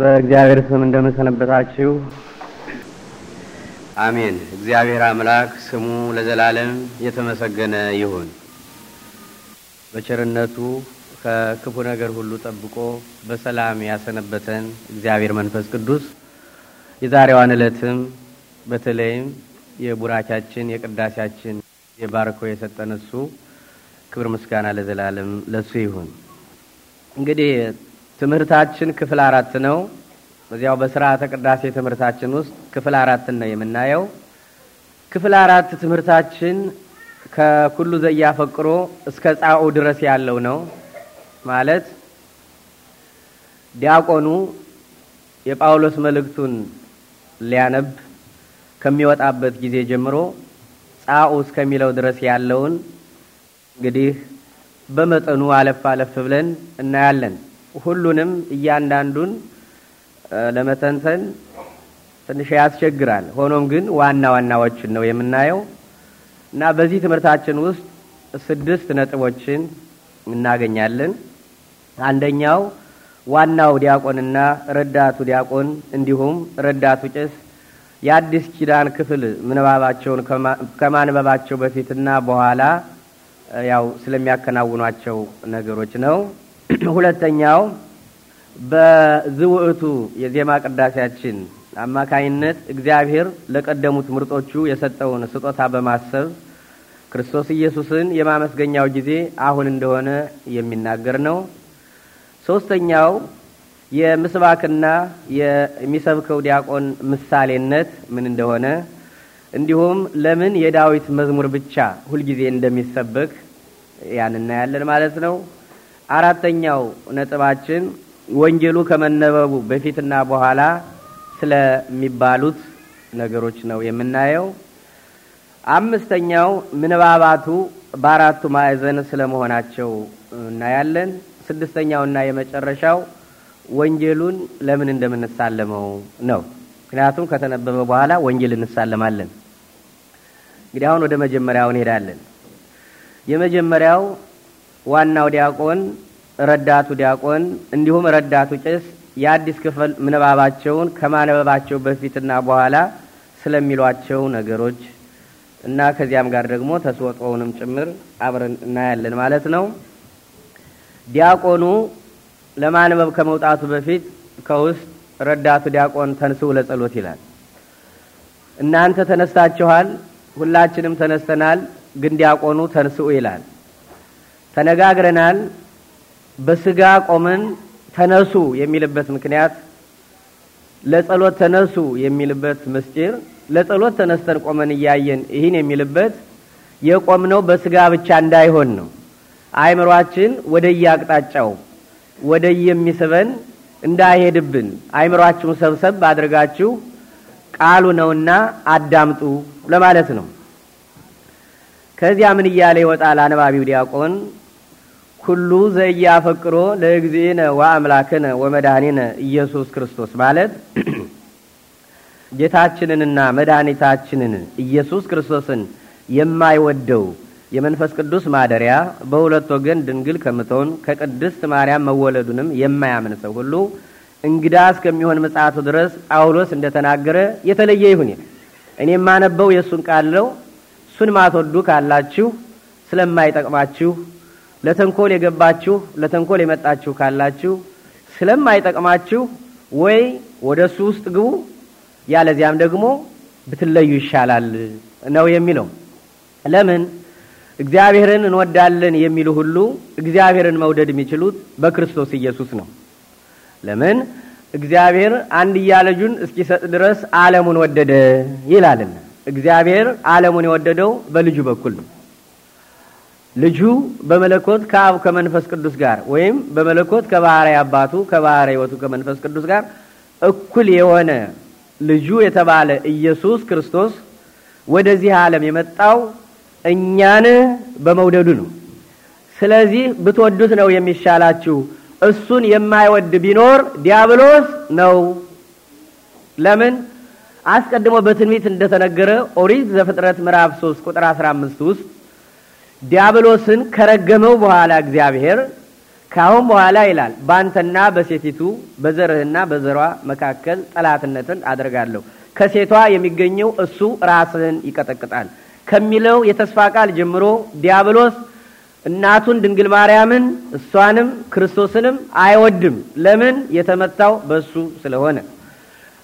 በእግዚአብሔር ስም እንደምንሰነበታችሁ። አሜን። እግዚአብሔር አምላክ ስሙ ለዘላለም የተመሰገነ ይሁን። በቸርነቱ ከክፉ ነገር ሁሉ ጠብቆ በሰላም ያሰነበተን እግዚአብሔር መንፈስ ቅዱስ የዛሬዋን ዕለትም በተለይም የቡራቻችን የቅዳሴያችን የባርኮ የሰጠን እሱ ክብር ምስጋና ለዘላለም ለሱ ይሁን። እንግዲህ ትምህርታችን ክፍል አራት ነው። በዚያው በስርዓተ ቅዳሴ ትምህርታችን ውስጥ ክፍል አራትን ነው የምናየው። ክፍል አራት ትምህርታችን ከኩሉ ፈቅሮ እስከ ጻኦ ድረስ ያለው ነው። ማለት ዲያቆኑ የጳውሎስ መልእክቱን ሊያነብ ከሚወጣበት ጊዜ ጀምሮ ጻኦ እስከሚለው ድረስ ያለውን እንግዲህ በመጠኑ አለፍ አለፍ ብለን እናያለን። ሁሉንም እያንዳንዱን ለመተንተን ትንሽ ያስቸግራል። ሆኖም ግን ዋና ዋናዎችን ነው የምናየው እና በዚህ ትምህርታችን ውስጥ ስድስት ነጥቦችን እናገኛለን። አንደኛው ዋናው ዲያቆንና ረዳቱ ዲያቆን እንዲሁም ረዳቱ ጭስ የአዲስ ኪዳን ክፍል ምንባባቸውን ከማንበባቸው በፊትና በኋላ ያው ስለሚያከናውኗቸው ነገሮች ነው። ሁለተኛው በዝውዕቱ የዜማ ቅዳሴያችን አማካይነት እግዚአብሔር ለቀደሙት ምርጦቹ የሰጠውን ስጦታ በማሰብ ክርስቶስ ኢየሱስን የማመስገኛው ጊዜ አሁን እንደሆነ የሚናገር ነው። ሶስተኛው የምስባክና የሚሰብከው ዲያቆን ምሳሌነት ምን እንደሆነ እንዲሁም ለምን የዳዊት መዝሙር ብቻ ሁልጊዜ እንደሚሰበክ ያን እናያለን ማለት ነው። አራተኛው ነጥባችን ወንጌሉ ከመነበቡ በፊትና በኋላ ስለሚባሉት ነገሮች ነው የምናየው። አምስተኛው ምንባባቱ በአራቱ ማዕዘን ስለመሆናቸው እናያለን። ስድስተኛውና የመጨረሻው ወንጌሉን ለምን እንደምንሳለመው ነው። ምክንያቱም ከተነበበ በኋላ ወንጌል እንሳለማለን። እንግዲህ አሁን ወደ መጀመሪያው እንሄዳለን። የመጀመሪያው ዋናው ዲያቆን ረዳቱ ዲያቆን እንዲሁም ረዳቱ ጭስ የአዲስ ክፍል ምንባባቸውን ከማነበባቸው በፊትና በኋላ ስለሚሏቸው ነገሮች እና ከዚያም ጋር ደግሞ ተስወጦውንም ጭምር አብረን እናያለን ማለት ነው። ዲያቆኑ ለማንበብ ከመውጣቱ በፊት ከውስጥ ረዳቱ ዲያቆን ተንስው ለጸሎት ይላል። እናንተ ተነስታችኋል፣ ሁላችንም ተነስተናል። ግን ዲያቆኑ ተንስኡ ይላል። ተነጋግረናል በስጋ ቆመን ተነሱ የሚልበት ምክንያት ለጸሎት ተነሱ የሚልበት ምስጢር ለጸሎት ተነስተን ቆመን እያየን ይህን የሚልበት የቆምነው በስጋ ብቻ እንዳይሆን ነው። አቅጣጫው ወደየ ወደየሚስበን እንዳይሄድብን አእምሯችሁን ሰብሰብ አድርጋችሁ ቃሉ ነውና አዳምጡ ለማለት ነው። ከዚያ ምን እያለ ይወጣል አንባቢው ዲያቆን ኩሉ ዘያፈቅሮ ለእግዚእነ ወአምላክነ ወመድኃኒነ ኢየሱስ ክርስቶስ ማለት ጌታችንንና መድኃኒታችንን ኢየሱስ ክርስቶስን የማይወደው የመንፈስ ቅዱስ ማደሪያ በሁለት ወገን ድንግል ከምትሆን ከቅድስት ማርያም መወለዱንም የማያምን ሰው ሁሉ እንግዳ እስከሚሆን ምጽአቱ ድረስ ጳውሎስ እንደተናገረ የተለየ ይሁን። እኔ የማነበው የእሱን ቃል ነው። እሱን ማትወዱ ካላችሁ ስለማይጠቅማችሁ ለተንኮል የገባችሁ ለተንኮል የመጣችሁ ካላችሁ ስለማይጠቅማችሁ ወይ ወደ እሱ ውስጥ ግቡ፣ ያለዚያም ደግሞ ብትለዩ ይሻላል ነው የሚለው። ለምን እግዚአብሔርን እንወዳለን የሚሉ ሁሉ እግዚአብሔርን መውደድ የሚችሉት በክርስቶስ ኢየሱስ ነው። ለምን እግዚአብሔር አንድያ ልጁን እስኪሰጥ ድረስ አለሙን ወደደ ይላልና። እግዚአብሔር አለሙን የወደደው በልጁ በኩል ነው። ልጁ በመለኮት ከአብ ከመንፈስ ቅዱስ ጋር ወይም በመለኮት ከባህሪ አባቱ ከባህሪ ህይወቱ ከመንፈስ ቅዱስ ጋር እኩል የሆነ ልጁ የተባለ ኢየሱስ ክርስቶስ ወደዚህ ዓለም የመጣው እኛን በመውደዱ ነው። ስለዚህ ብትወዱት ነው የሚሻላችሁ። እሱን የማይወድ ቢኖር ዲያብሎስ ነው። ለምን? አስቀድሞ በትንቢት እንደተነገረ ኦሪት ዘፍጥረት ምዕራፍ 3 ቁጥር 15 ውስጥ ዲያብሎስን ከረገመው በኋላ እግዚአብሔር ካሁን በኋላ ይላል በአንተና በሴቲቱ በዘርህና በዘሯ መካከል ጠላትነትን አደርጋለሁ፣ ከሴቷ የሚገኘው እሱ ራስህን ይቀጠቅጣል ከሚለው የተስፋ ቃል ጀምሮ ዲያብሎስ እናቱን ድንግል ማርያምን እሷንም ክርስቶስንም አይወድም። ለምን? የተመታው በእሱ ስለሆነ።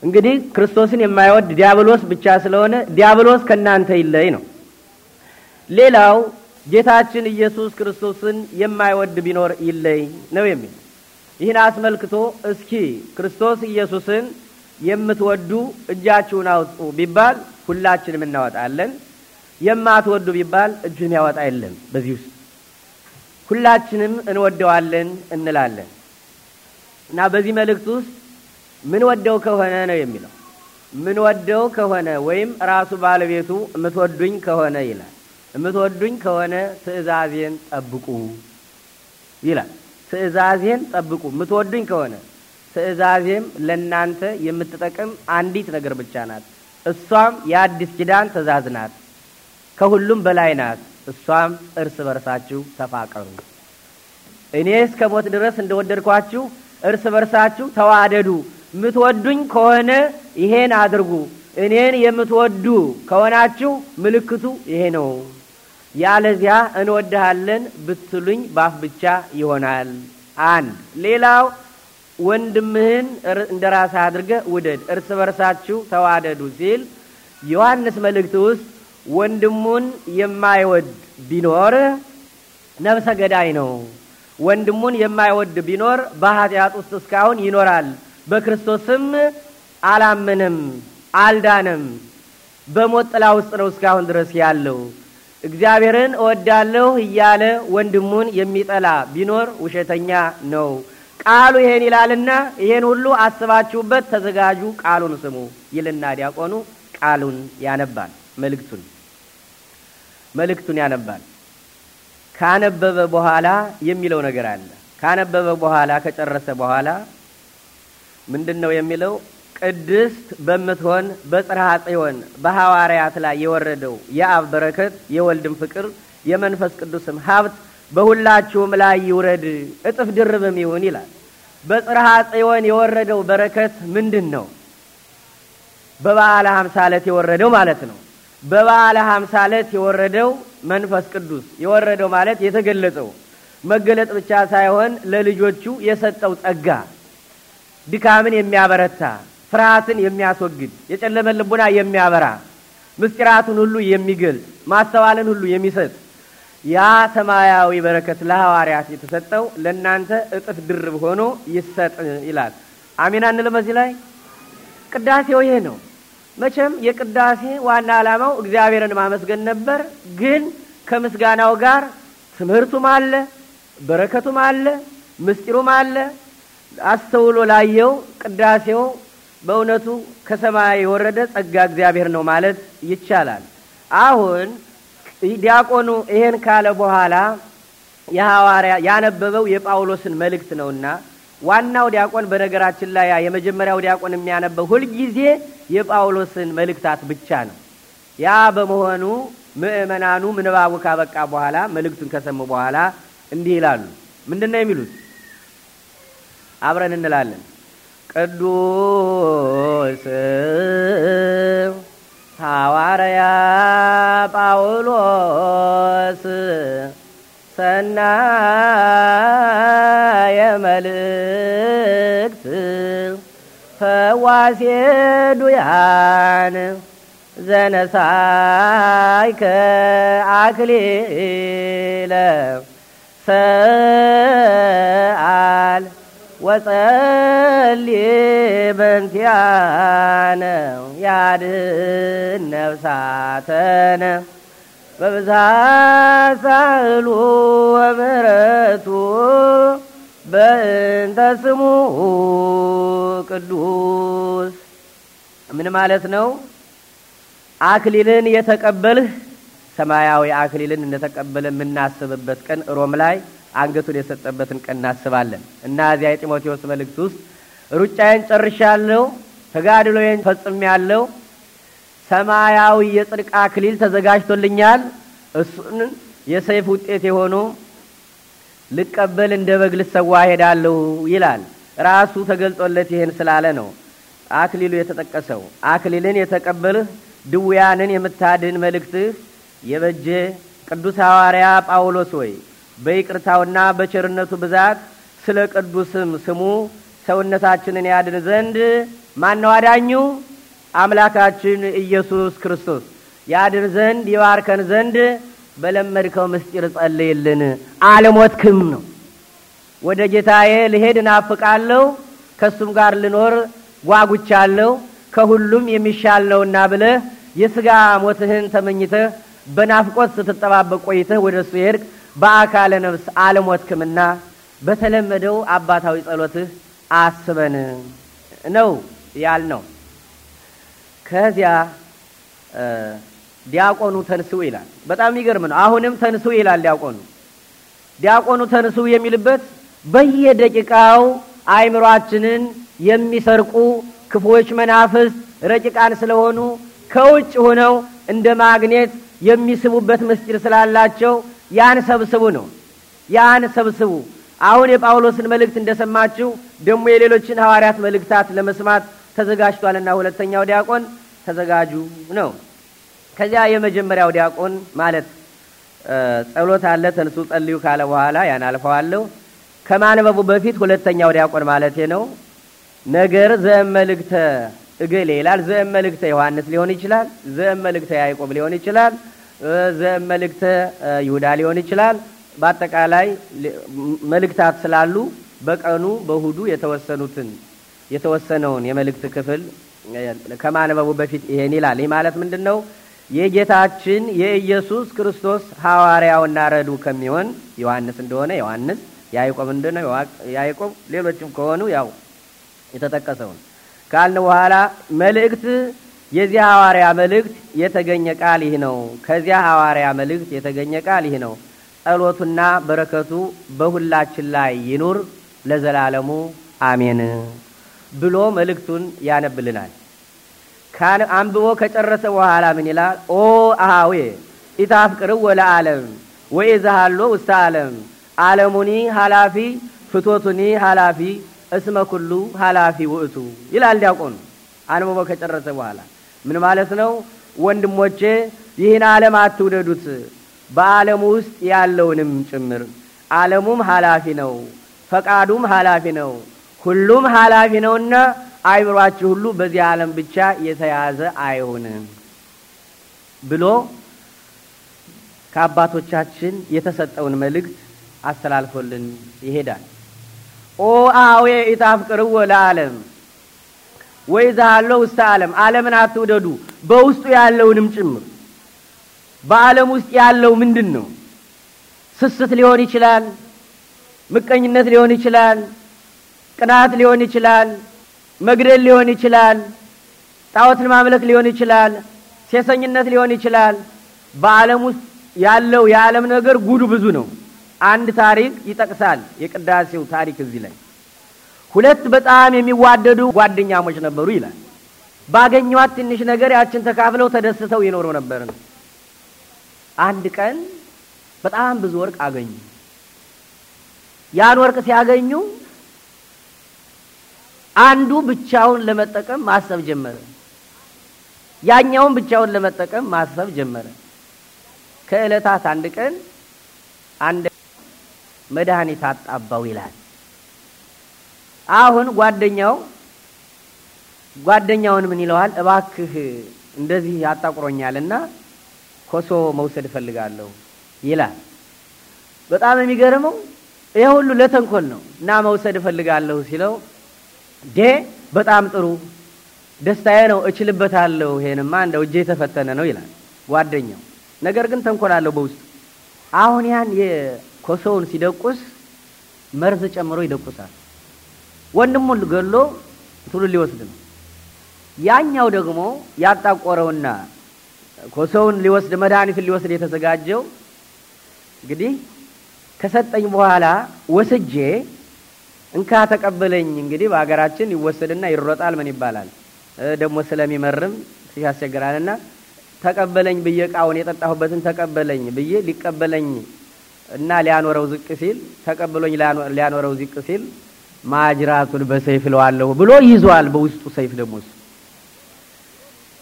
እንግዲህ ክርስቶስን የማይወድ ዲያብሎስ ብቻ ስለሆነ ዲያብሎስ ከእናንተ ይለይ ነው። ሌላው ጌታችን ኢየሱስ ክርስቶስን የማይወድ ቢኖር ይለይ ነው የሚል። ይህን አስመልክቶ እስኪ ክርስቶስ ኢየሱስን የምትወዱ እጃችሁን አውጡ ቢባል ሁላችንም እናወጣለን። የማትወዱ ቢባል እጁን ያወጣ የለም። በዚህ ውስጥ ሁላችንም እንወደዋለን እንላለን እና በዚህ መልእክት ውስጥ ምን ወደው ከሆነ ነው የሚለው ምን ወደው ከሆነ ወይም ራሱ ባለቤቱ የምትወዱኝ ከሆነ ይላል የምትወዱኝ ከሆነ ትእዛዜን ጠብቁ ይላል። ትእዛዜን ጠብቁ የምትወዱኝ ከሆነ ትእዛዜም ለእናንተ የምትጠቅም አንዲት ነገር ብቻ ናት። እሷም የአዲስ ኪዳን ትእዛዝ ናት፣ ከሁሉም በላይ ናት። እሷም እርስ በርሳችሁ ተፋቀሩ። እኔ እስከ ሞት ድረስ እንደወደድኳችሁ እርስ በርሳችሁ ተዋደዱ። የምትወዱኝ ከሆነ ይሄን አድርጉ። እኔን የምትወዱ ከሆናችሁ ምልክቱ ይሄ ነው። ያለዚያ እንወድሃለን ብትሉኝ ባፍ ብቻ ይሆናል። አንድ ሌላው ወንድምህን እንደ ራስ አድርገ ውደድ፣ እርስ በርሳችሁ ተዋደዱ ሲል ዮሐንስ መልእክት ውስጥ ወንድሙን የማይወድ ቢኖር ነፍሰ ገዳይ ነው። ወንድሙን የማይወድ ቢኖር በኃጢአት ውስጥ እስካሁን ይኖራል፣ በክርስቶስም አላመነም፣ አልዳነም። በሞት ጥላ ውስጥ ነው እስካሁን ድረስ ያለው። እግዚአብሔርን እወዳለሁ እያለ ወንድሙን የሚጠላ ቢኖር ውሸተኛ ነው። ቃሉ ይሄን ይላልና ይሄን ሁሉ አስባችሁበት ተዘጋጁ፣ ቃሉን ስሙ ይልና ዲያቆኑ ቃሉን ያነባል። መልእክቱን መልእክቱን ያነባል። ካነበበ በኋላ የሚለው ነገር አለ። ካነበበ በኋላ ከጨረሰ በኋላ ምንድን ነው የሚለው? ቅድስት በምትሆን በጽርሐ ጽዮን በሐዋርያት ላይ የወረደው የአብ በረከት የወልድም ፍቅር የመንፈስ ቅዱስም ሀብት በሁላችሁም ላይ ይውረድ እጥፍ ድርብም ይሁን ይላል። በጽርሐ ጽዮን የወረደው በረከት ምንድን ነው? በበዓለ ሀምሳ የወረደው ማለት ነው። በበዓለ ሀምሳ የወረደው መንፈስ ቅዱስ የወረደው ማለት የተገለጸው መገለጥ ብቻ ሳይሆን ለልጆቹ የሰጠው ጸጋ ድካምን የሚያበረታ ፍርሃትን የሚያስወግድ የጨለመን ልቡና የሚያበራ ምስጢራቱን ሁሉ የሚገልጽ ማስተዋልን ሁሉ የሚሰጥ ያ ሰማያዊ በረከት ለሐዋርያት የተሰጠው ለእናንተ እጥፍ ድርብ ሆኖ ይሰጥ ይላል። አሜን አንልም። በዚህ ላይ ቅዳሴው ይሄ ነው። መቼም የቅዳሴ ዋና ዓላማው እግዚአብሔርን ማመስገን ነበር። ግን ከምስጋናው ጋር ትምህርቱም አለ፣ በረከቱም አለ፣ ምስጢሩም አለ። አስተውሎ ላየው ቅዳሴው በእውነቱ ከሰማይ የወረደ ጸጋ እግዚአብሔር ነው ማለት ይቻላል። አሁን ዲያቆኑ ይሄን ካለ በኋላ የሐዋርያ ያነበበው የጳውሎስን መልእክት ነውና ዋናው ዲያቆን በነገራችን ላይ የመጀመሪያው ዲያቆን የሚያነበው ሁልጊዜ የጳውሎስን መልእክታት ብቻ ነው። ያ በመሆኑ ምእመናኑ ምንባቡ ካበቃ በኋላ መልእክቱን ከሰሙ በኋላ እንዲህ ይላሉ። ምንድን ነው የሚሉት? አብረን እንላለን። ቅዱስ ሐዋርያ ጳውሎስ ሰናየ መልእክት ፈዋሴ ዱያን ዘነሳይ ከአክሊለ ሰአ ወጸል በንቲያነ ያድኅን ነፍሳተነ በብዛት ሣህሉ ወምሕረቱ በእንተ ስሙ ቅዱስ። ምን ማለት ነው? አክሊልን የተቀበልህ ሰማያዊ አክሊልን እንደተቀበለ የምናስብበት ቀን ሮም ላይ አንገቱን የሰጠበትን ቀን እናስባለን እና እዚያ የጢሞቴዎስ መልእክት ውስጥ ሩጫዬን ጨርሻለሁ፣ ተጋድሎዬን ፈጽሜያለሁ፣ ሰማያዊ የጽድቅ አክሊል ተዘጋጅቶልኛል፣ እሱን የሰይፍ ውጤት የሆኑ ልቀበል እንደ በግ ልሰዋ ሄዳለሁ ይላል። ራሱ ተገልጦለት ይህን ስላለ ነው አክሊሉ የተጠቀሰው። አክሊልን የተቀበልህ ድውያንን የምታድን መልእክትህ የበጀ ቅዱስ ሐዋርያ ጳውሎስ ወይ በይቅርታውና በቸርነቱ ብዛት ስለ ቅዱስም ስሙ ሰውነታችንን ያድን ዘንድ ማነው አዳኙ? አምላካችን ኢየሱስ ክርስቶስ ያድን ዘንድ ይባርከን ዘንድ በለመድከው ምስጢር ጸልይልን። አልሞትክም ነው። ወደ ጌታዬ ልሄድ እናፍቃለሁ፣ ከእሱም ጋር ልኖር ጓጉቻለሁ፣ ከሁሉም የሚሻል ነውና ብለህ የሥጋ ሞትህን ተመኝተህ በናፍቆት ስትጠባበቅ ቆይተህ ወደ እሱ ሄድክ። በአካለ ነፍስ አልሞትክምና በተለመደው አባታዊ ጸሎትህ አስበን ነው ያል ነው። ከዚያ ዲያቆኑ ተንስ ይላል። በጣም የሚገርም ነው። አሁንም ተንስ ይላል ዲያቆኑ። ዲያቆኑ ተንስ የሚልበት በየደቂቃው አእምሯችንን የሚሰርቁ ክፉዎች መናፍስት ረቂቃን ስለሆኑ ከውጭ ሆነው እንደ ማግኔት የሚስቡበት ምስጢር ስላላቸው ያን ሰብስቡ ነው። ያን ሰብስቡ። አሁን የጳውሎስን መልእክት እንደሰማችሁ ደግሞ የሌሎችን ሐዋርያት መልእክታት ለመስማት ተዘጋጅቷልና ሁለተኛው ዲያቆን ተዘጋጁ ነው። ከዚያ የመጀመሪያው ዲያቆን ማለት ጸሎት አለ ተንሱ ጸልዩ ካለ በኋላ ያን አልፈዋለሁ። ከማንበቡ በፊት ሁለተኛው ዲያቆን ማለት ነው። ነገር ዘእም መልእክተ እገሌ ይላል። ዘእም መልእክተ ዮሐንስ ሊሆን ይችላል። ዘእም መልእክተ ያዕቆብ ሊሆን ይችላል። መልእክተ ይሁዳ ሊሆን ይችላል። በአጠቃላይ መልእክታት ስላሉ በቀኑ በእሁዱ የተወሰኑትን የተወሰነውን የመልእክት ክፍል ከማንበቡ በፊት ይሄን ይላል። ይህ ማለት ምንድን ነው? የጌታችን የኢየሱስ ክርስቶስ ሐዋርያውና ረዱ ከሚሆን ዮሐንስ እንደሆነ ዮሐንስ፣ ያዕቆብ እንደሆነ ያዕቆብ፣ ሌሎችም ከሆኑ ያው የተጠቀሰውን ካልን በኋላ መልእክት የዚህ ሐዋርያ መልእክት የተገኘ ቃል ይህ ነው። ከዚያ ሐዋርያ መልእክት የተገኘ ቃል ይህ ነው። ጸሎቱና በረከቱ በሁላችን ላይ ይኑር ለዘላለሙ አሜን ብሎ መልእክቱን ያነብልናል። አንብቦ ከጨረሰ በኋላ ምን ይላል? ኦ አሃዌ ኢታፍቅርው ወለዓለም ወኢዛሃሎ ውስተ ዓለም ዓለሙኒ ኃላፊ ፍቶቱኒ ኃላፊ እስመ ኩሉ ኃላፊ ውእቱ ይላል ዲያቆኑ አንብቦ ከጨረሰ በኋላ ምን ማለት ነው? ወንድሞቼ ይህን ዓለም አትውደዱት፣ በዓለሙ ውስጥ ያለውንም ጭምር። ዓለሙም ኃላፊ ነው፣ ፈቃዱም ኃላፊ ነው፣ ሁሉም ኃላፊ ነውና አይምሯችሁ ሁሉ በዚህ ዓለም ብቻ የተያዘ አይሆንም ብሎ ከአባቶቻችን የተሰጠውን መልእክት አስተላልፎልን ይሄዳል። ኦ አዌ ኢጣፍቅርዎ ለዓለም ወይ ዛሃለው ውስተ ዓለም ዓለምን አትውደዱ፣ በውስጡ ያለውንም ጭምር። በዓለም ውስጥ ያለው ምንድን ነው? ስስት ሊሆን ይችላል፣ ምቀኝነት ሊሆን ይችላል፣ ቅናት ሊሆን ይችላል፣ መግደል ሊሆን ይችላል፣ ጣዖትን ማምለክ ሊሆን ይችላል፣ ሴሰኝነት ሊሆን ይችላል። በዓለም ውስጥ ያለው የዓለም ነገር ጉዱ ብዙ ነው። አንድ ታሪክ ይጠቅሳል የቅዳሴው ታሪክ እዚህ ላይ ሁለት በጣም የሚዋደዱ ጓደኛሞች ነበሩ ይላል። ባገኟት ትንሽ ነገር ያችን ተካፍለው ተደስተው ይኖሩ ነበር ነው። አንድ ቀን በጣም ብዙ ወርቅ አገኙ። ያን ወርቅ ሲያገኙ አንዱ ብቻውን ለመጠቀም ማሰብ ጀመረ። ያኛውን ብቻውን ለመጠቀም ማሰብ ጀመረ። ከእለታት አንድ ቀን አንድ መድኃኒት አጣባው ይላል። አሁን ጓደኛው ጓደኛውን ምን ይለዋል? እባክህ እንደዚህ አጣቁሮኛል እና ኮሶ መውሰድ እፈልጋለሁ ይላል። በጣም የሚገርመው ይህ ሁሉ ለተንኮል ነው። እና መውሰድ እፈልጋለሁ ሲለው ዴ በጣም ጥሩ ደስታዬ ነው፣ እችልበታለሁ። ይሄንማ እንደው እጄ የተፈተነ ነው ይላል ጓደኛው። ነገር ግን ተንኮላለሁ በውስጡ። አሁን ያን የኮሶውን ሲደቁስ መርዝ ጨምሮ ይደቁሳል። ወንድሙን ገሎ ትሉ ሊወስድ ነው። ያኛው ደግሞ ያጣቆረውና ኮሰውን ሊወስድ መድኃኒቱን ሊወስድ የተዘጋጀው እንግዲህ ከሰጠኝ በኋላ ወስጄ እንካ ተቀበለኝ። እንግዲህ በሀገራችን ይወሰድና ይሮጣል። ምን ይባላል ደግሞ ስለሚመርም ያስቸግራልና ተቀበለኝ ብዬ እቃውን የጠጣሁበትን ተቀበለኝ ብዬ ሊቀበለኝ እና ሊያኖረው ዝቅ ሲል ተቀብሎኝ ሊያኖረው ዝቅ ሲል ማጅራቱን በሰይፍ ለዋለሁ ብሎ ይዟል። በውስጡ ሰይፍ ደግሞ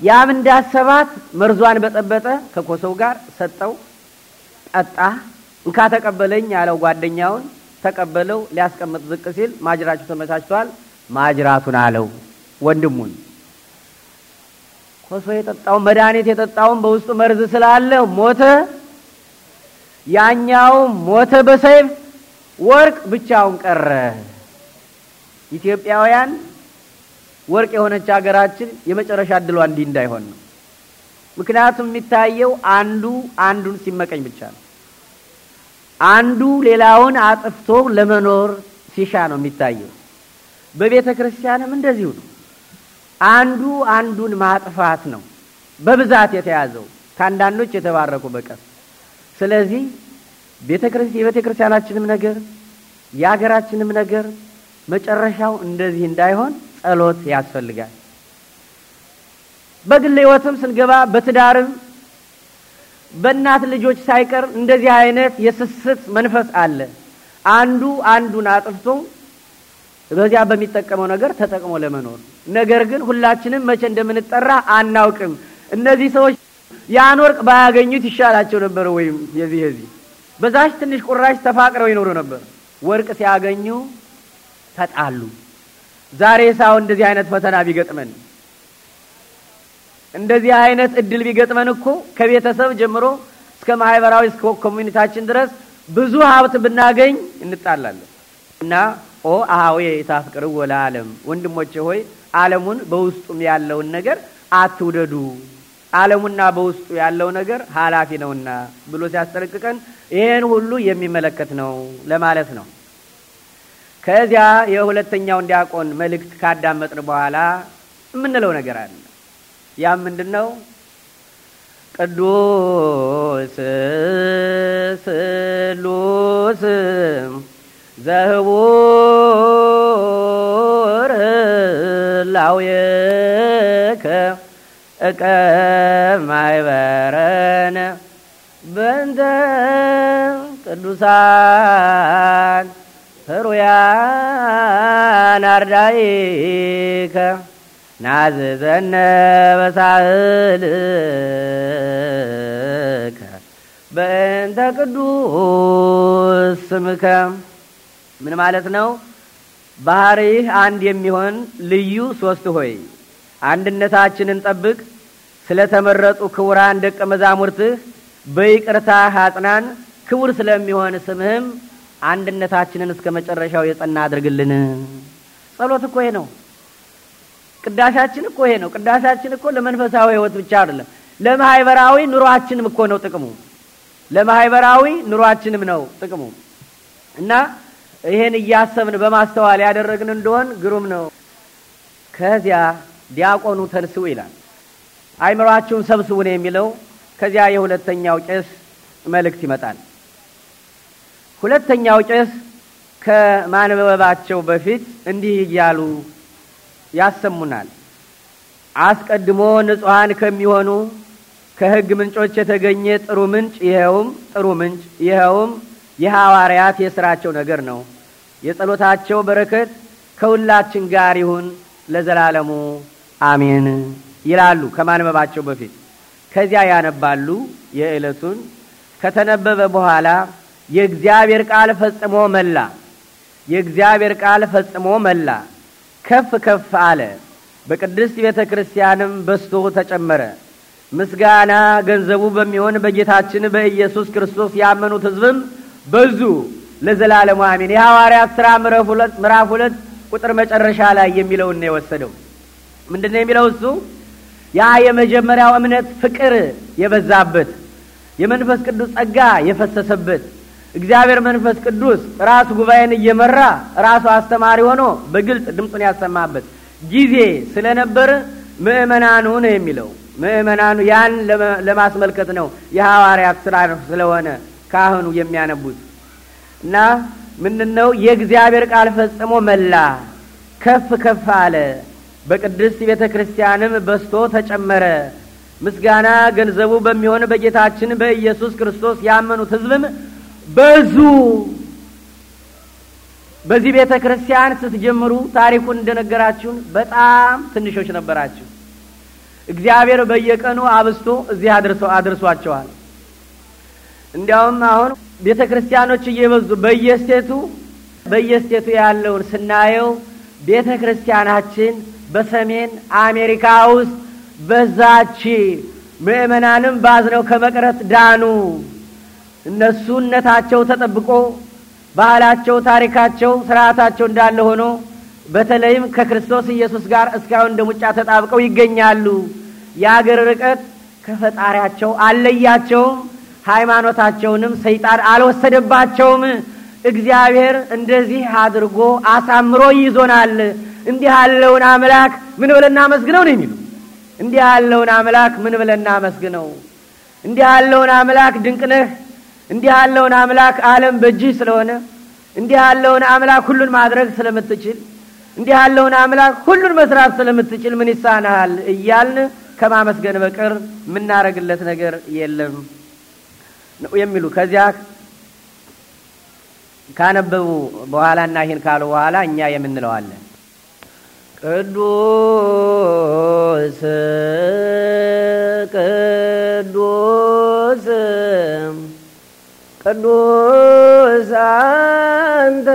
ያም እንዳሰባት መርዟን በጠበጠ፣ ከኮሰው ጋር ሰጠው፣ ጠጣ። እንካ ተቀበለኝ ያለው ጓደኛውን ተቀበለው። ሊያስቀምጥ ዝቅ ሲል ማጅራቹ ተመቻችቷል፣ ማጅራቱን አለው ወንድሙን። ኮሶ የጠጣውን መድኃኒት የጠጣውን በውስጡ መርዝ ስላለ ሞተ። ያኛው ሞተ በሰይፍ ወርቅ ብቻውን ቀረ። ኢትዮጵያውያን ወርቅ የሆነች ሀገራችን የመጨረሻ እድሏ እንዲህ እንዳይሆን ነው። ምክንያቱም የሚታየው አንዱ አንዱን ሲመቀኝ ብቻ ነው። አንዱ ሌላውን አጥፍቶ ለመኖር ሲሻ ነው የሚታየው። በቤተ ክርስቲያንም እንደዚሁ ነው። አንዱ አንዱን ማጥፋት ነው በብዛት የተያዘው ከአንዳንዶች የተባረኩ በቀር። ስለዚህ የቤተ ክርስቲያናችንም ነገር የሀገራችንም ነገር መጨረሻው እንደዚህ እንዳይሆን ጸሎት ያስፈልጋል። በግል ህይወትም ስንገባ በትዳርም በእናት ልጆች ሳይቀር እንደዚህ አይነት የስስት መንፈስ አለ። አንዱ አንዱን አጥፍቶ በዚያ በሚጠቀመው ነገር ተጠቅሞ ለመኖር ነገር ግን ሁላችንም መቼ እንደምንጠራ አናውቅም። እነዚህ ሰዎች ያን ወርቅ ባያገኙት ይሻላቸው ነበር፣ ወይም የዚህ የዚህ በዛች ትንሽ ቁራሽ ተፋቅረው ይኖሩ ነበር። ወርቅ ሲያገኙ ተጣሉ። ዛሬ ሳው እንደዚህ አይነት ፈተና ቢገጥመን እንደዚህ አይነት እድል ቢገጥመን እኮ ከቤተሰብ ጀምሮ እስከ ማህበራዊ እስከ ኮሚኒታችን ድረስ ብዙ ሀብት ብናገኝ እንጣላለን እና ኦ አሃዌ የታፍቅርው ወለዓለም ወንድሞቼ ሆይ ዓለሙን በውስጡም ያለውን ነገር አትውደዱ ዓለሙና በውስጡ ያለው ነገር ኃላፊ ነውና ብሎ ሲያስጠነቅቀን ይህን ሁሉ የሚመለከት ነው ለማለት ነው። ከዚያ የሁለተኛውን ዲያቆን መልእክት ካዳመጥን በኋላ የምንለው ነገር አለ። ያ ምንድን ነው? ቅዱስ ስሉስ ዘህቡር ላውየከ እቀ በእንተ ቅዱሳን ሩያን አርዳይከ ናዝዘነ በሳህልከ በእንተ ቅዱስ ስምከ። ምን ማለት ነው? ባህሪህ አንድ የሚሆን ልዩ ሶስት ሆይ አንድነታችንን ጠብቅ። ስለ ተመረጡ ክቡራን ደቀ መዛሙርትህ በይቅርታህ አጽናን። ክቡር ስለሚሆን ስምህም አንድነታችንን እስከ መጨረሻው የጸና አድርግልን። ጸሎት እኮ ይሄ ነው። ቅዳሻችን እኮ ይሄ ነው። ቅዳሻችን እኮ ለመንፈሳዊ ሕይወት ብቻ አይደለም፣ ለማህበራዊ ኑሯችንም እኮ ነው ጥቅሙ። ለማህበራዊ ኑሯችንም ነው ጥቅሙ እና ይሄን እያሰብን በማስተዋል ያደረግን እንደሆን ግሩም ነው። ከዚያ ዲያቆኑ ተንስኡ ይላል። አይምሯችሁን ሰብስቡ ነው የሚለው። ከዚያ የሁለተኛው ቄስ መልእክት ይመጣል። ሁለተኛው ቄስ ከማንበባቸው በፊት እንዲህ እያሉ ያሰሙናል። አስቀድሞ ንጹሐን ከሚሆኑ ከሕግ ምንጮች የተገኘ ጥሩ ምንጭ ይኸውም ጥሩ ምንጭ ይኸውም የሐዋርያት የሥራቸው ነገር ነው። የጸሎታቸው በረከት ከሁላችን ጋር ይሁን ለዘላለሙ አሜን ይላሉ። ከማንበባቸው በፊት ከዚያ ያነባሉ የዕለቱን ከተነበበ በኋላ የእግዚአብሔር ቃል ፈጽሞ መላ። የእግዚአብሔር ቃል ፈጽሞ መላ፣ ከፍ ከፍ አለ። በቅድስት ቤተ ክርስቲያንም በስቶ ተጨመረ። ምስጋና ገንዘቡ በሚሆን በጌታችን በኢየሱስ ክርስቶስ ያመኑት ህዝብም በዙ ለዘላለሙ አሜን። የሐዋርያት ሥራ ምዕራፍ ሁለት ቁጥር መጨረሻ ላይ የሚለውን ነው የወሰደው። ምንድን ነው የሚለው እሱ? ያ የመጀመሪያው እምነት ፍቅር የበዛበት የመንፈስ ቅዱስ ጸጋ የፈሰሰበት እግዚአብሔር መንፈስ ቅዱስ ራሱ ጉባኤን እየመራ ራሱ አስተማሪ ሆኖ በግልጽ ድምፁን ያሰማበት ጊዜ ስለነበር ምእመናኑ ነው የሚለው። ምእመናኑ ያን ለማስመልከት ነው የሐዋርያት ስራ ስለሆነ ካህኑ የሚያነቡት እና ምን ነው የእግዚአብሔር ቃል ፈጽሞ መላ ከፍ ከፍ አለ፣ በቅድስት ቤተ ክርስቲያንም በስቶ ተጨመረ። ምስጋና ገንዘቡ በሚሆን በጌታችን በኢየሱስ ክርስቶስ ያመኑት ሕዝብም በዙ። በዚህ ቤተ ክርስቲያን ስትጀምሩ ታሪኩን እንደነገራችሁን በጣም ትንሾች ነበራችሁ። እግዚአብሔር በየቀኑ አብስቶ እዚህ አድርሷቸዋል። እንዲያውም አሁን ቤተ ክርስቲያኖች እየበዙ በየስቴቱ በየስቴቱ ያለውን ስናየው ቤተ ክርስቲያናችን በሰሜን አሜሪካ ውስጥ በዛች ምእመናንም ባዝነው ከመቅረት ዳኑ። እነሱነታቸው ተጠብቆ ባህላቸው፣ ታሪካቸው፣ ስርዓታቸው እንዳለ ሆኖ በተለይም ከክርስቶስ ኢየሱስ ጋር እስካሁን እንደ ሙጫ ተጣብቀው ይገኛሉ። የአገር ርቀት ከፈጣሪያቸው አልለያቸውም። ሃይማኖታቸውንም ሰይጣን አልወሰደባቸውም። እግዚአብሔር እንደዚህ አድርጎ አሳምሮ ይዞናል። እንዲህ ያለውን አምላክ ምን ብለን እናመስግነው ነው የሚሉ እንዲህ ያለውን አምላክ ምን ብለን እናመስግነው? እንዲህ ያለውን አምላክ ድንቅ ነህ እንዲህ ያለውን አምላክ ዓለም በእጅህ ስለሆነ እንዲህ ያለውን አምላክ ሁሉን ማድረግ ስለምትችል እንዲህ ያለውን አምላክ ሁሉን መስራት ስለምትችል ምን ይሳናሃል እያልን ከማመስገን በቀር የምናደርግለት ነገር የለም ነው የሚሉ ከዚያ ካነበቡ በኋላ እና ይህን ካሉ በኋላ እኛ አለ ቅዱስ ቅዱስ ቅዱስ አንተ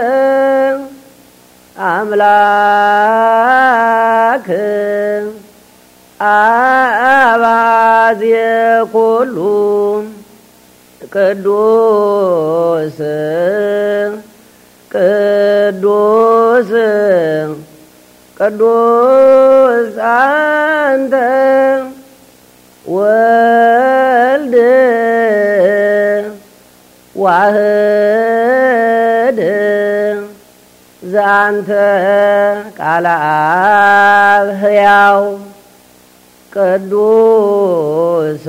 አምላክ አባዜ ኩሉ ቅዱስ ቅዱስ ቅዱስ አንተ ዋህድ ዘአንተ ቃለ አብ ሕያው ቅዱስ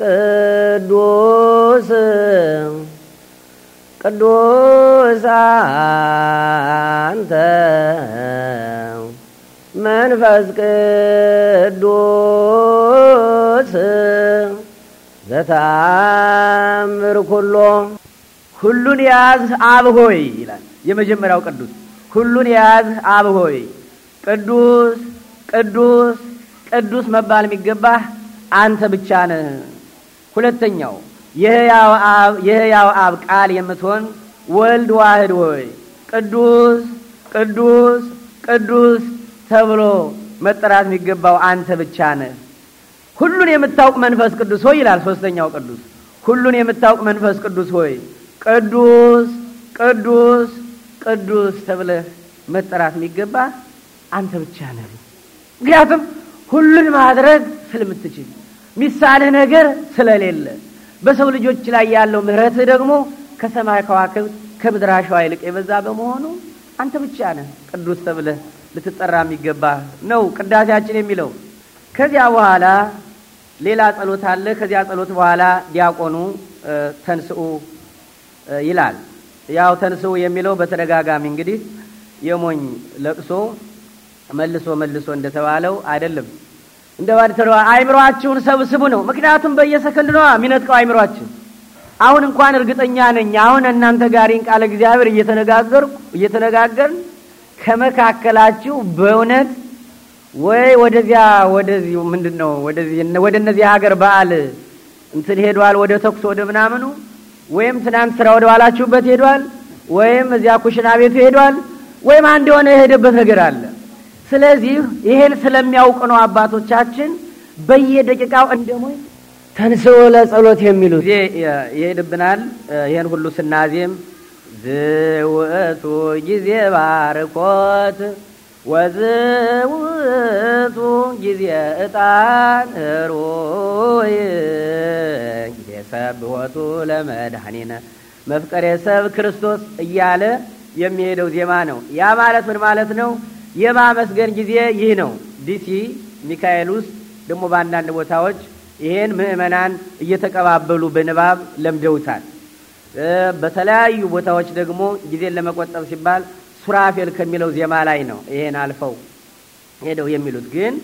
ቅዱስ ቅዱስ አንተ መንፈስ ቅዱስ ዘተአምር ኩሎ ሁሉን የያዝ አብ ሆይ ይላል የመጀመሪያው ቅዱስ። ሁሉን የያዝ አብ ሆይ ቅዱስ ቅዱስ ቅዱስ መባል የሚገባህ አንተ ብቻ ነህ። ሁለተኛው የሕያው አብ ቃል የምትሆን ወልድ ዋህድ ሆይ ቅዱስ ቅዱስ ቅዱስ ተብሎ መጠራት የሚገባው አንተ ብቻ ነህ። ሁሉን የምታውቅ መንፈስ ቅዱስ ሆይ ይላል ሶስተኛው ቅዱስ። ሁሉን የምታውቅ መንፈስ ቅዱስ ሆይ ቅዱስ ቅዱስ ቅዱስ ተብለህ መጠራት የሚገባ አንተ ብቻ ነህ። ምክንያቱም ሁሉን ማድረግ ስለምትችል ሚሳልህ ነገር ስለሌለ በሰው ልጆች ላይ ያለው ምሕረትህ ደግሞ ከሰማይ ከዋክብት ከምድር አሸዋ ይልቅ የበዛ በመሆኑ አንተ ብቻ ነህ ቅዱስ ተብለህ ልትጠራ የሚገባ ነው ቅዳሴያችን የሚለው። ከዚያ በኋላ ሌላ ጸሎት አለ። ከዚያ ጸሎት በኋላ ዲያቆኑ ተንስኡ ይላል። ያው ተንስኡ የሚለው በተደጋጋሚ እንግዲህ የሞኝ ለቅሶ መልሶ መልሶ እንደተባለው አይደለም። እንደ ባድተለዋ አይምሯችሁን ሰብስቡ ነው። ምክንያቱም በየሰከንድ ነው የሚነጥቀው አይምሯችሁ። አሁን እንኳን እርግጠኛ ነኝ አሁን እናንተ ጋሪን ቃለ እግዚአብሔር እየተነጋገርኩ እየተነጋገርን ከመካከላችሁ በእውነት ወይ ወደዚያ ወደዚህ ምንድን ነው ወደዚህ ወደ እነዚህ ሀገር በዓል እንትን ሄዷል፣ ወደ ተኩስ ወደ ምናምኑ ወይም ትናንት ስራ ወደ ዋላችሁበት ሄዷል፣ ወይም እዚያ ኩሽና ቤቱ ሄዷል፣ ወይም አንድ የሆነ የሄደበት ነገር አለ። ስለዚህ ይሄን ስለሚያውቅ ነው አባቶቻችን በየደቂቃው እንደሞ ተንስኦ ለጸሎት የሚሉ ጊዜ ይሄድብናል። ይህን ሁሉ ስናዜም ዝውእቱ ጊዜ ባርኮት ወዝውቱ ጊዜ ዕጣን ሩይ ጊዜ ሰብ ለመድኃኒነ መፍቀሬ ሰብ ክርስቶስ እያለ የሚሄደው ዜማ ነው። ያ ማለት ምን ማለት ነው? የማመስገን ጊዜ ይህ ነው። ዲሲ ሚካኤል ውስጥ ደግሞ በአንዳንድ ቦታዎች ይሄን ምዕመናን እየተቀባበሉ በንባብ ለምደውታል። በተለያዩ ቦታዎች ደግሞ ጊዜን ለመቆጠብ ሲባል ሱራፌል ከሚለው ዜማ ላይ ነው ይሄን አልፈው ሄደው የሚሉት ግን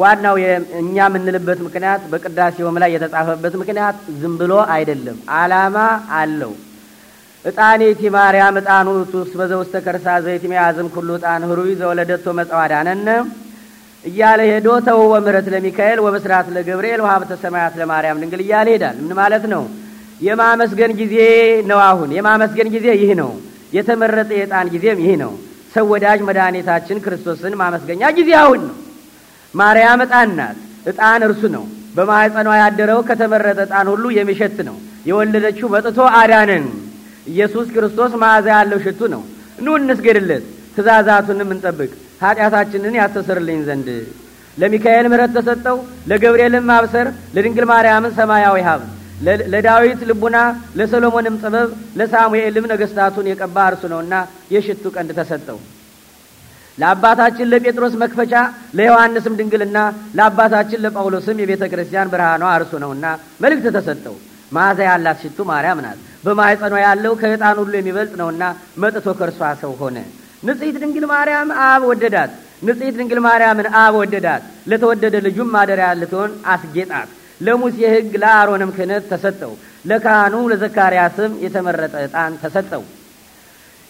ዋናው እኛ የምንልበት ምክንያት በቅዳሴውም ላይ የተጻፈበት ምክንያት ዝም ብሎ አይደለም፣ አላማ አለው። እጣኔቲ ማርያም እጣኑ ቱስ በዘውስተ ከርሳ ዘይት መያዝም ኩሉ እጣን ህሩይ ዘወለደቶ መጽዋዳነነ እያለ ሄዶ ተውወ ምሕረት ለሚካኤል ወበስራት ለገብርኤል ወሀብተ ሰማያት ለማርያም ድንግል እያለ ሄዳል። ምን ማለት ነው? የማመስገን ጊዜ ነው። አሁን የማመስገን ጊዜ ይህ ነው። የተመረጠ የጣን ጊዜም ይህ ነው። ሰው ወዳጅ መድኃኒታችን ክርስቶስን ማመስገኛ ጊዜ አሁን ነው። ማርያም እጣን ናት፣ እጣን እርሱ ነው። በማኅፀኗ ያደረው ከተመረጠ እጣን ሁሉ የሚሸት ነው። የወለደችው መጥቶ አዳነን። ኢየሱስ ክርስቶስ መዓዛ ያለው ሽቱ ነው። ኑ እንስገድለት፣ ትእዛዛቱንም እንጠብቅ፣ ኃጢአታችንን ያስተሰርልኝ ዘንድ ለሚካኤል ምሕረት ተሰጠው፣ ለገብርኤልም ማብሰር፣ ለድንግል ማርያምን ሰማያዊ ሀብት ለዳዊት ልቡና ለሰሎሞንም ጥበብ ለሳሙኤልም ነገስታቱን የቀባ እርሱ ነውና የሽቱ ቀንድ ተሰጠው። ለአባታችን ለጴጥሮስ መክፈቻ ለዮሐንስም ድንግልና ለአባታችን ለጳውሎስም የቤተ ክርስቲያን ብርሃኗ እርሱ ነውና መልእክት ተሰጠው። መዓዛ ያላት ሽቱ ማርያም ናት። በማኅፀኗ ያለው ከእጣን ሁሉ የሚበልጥ ነውና መጥቶ ከእርሷ ሰው ሆነ። ንጽሕት ድንግል ማርያም አብ ወደዳት። ንጽሕት ድንግል ማርያምን አብ ወደዳት። ለተወደደ ልጁም ማደሪያ ልትሆን አስጌጣት። ለሙሴ ሕግ ለአሮንም ክህነት ተሰጠው። ለካህኑ ለዘካርያስም የተመረጠ ዕጣን ተሰጠው።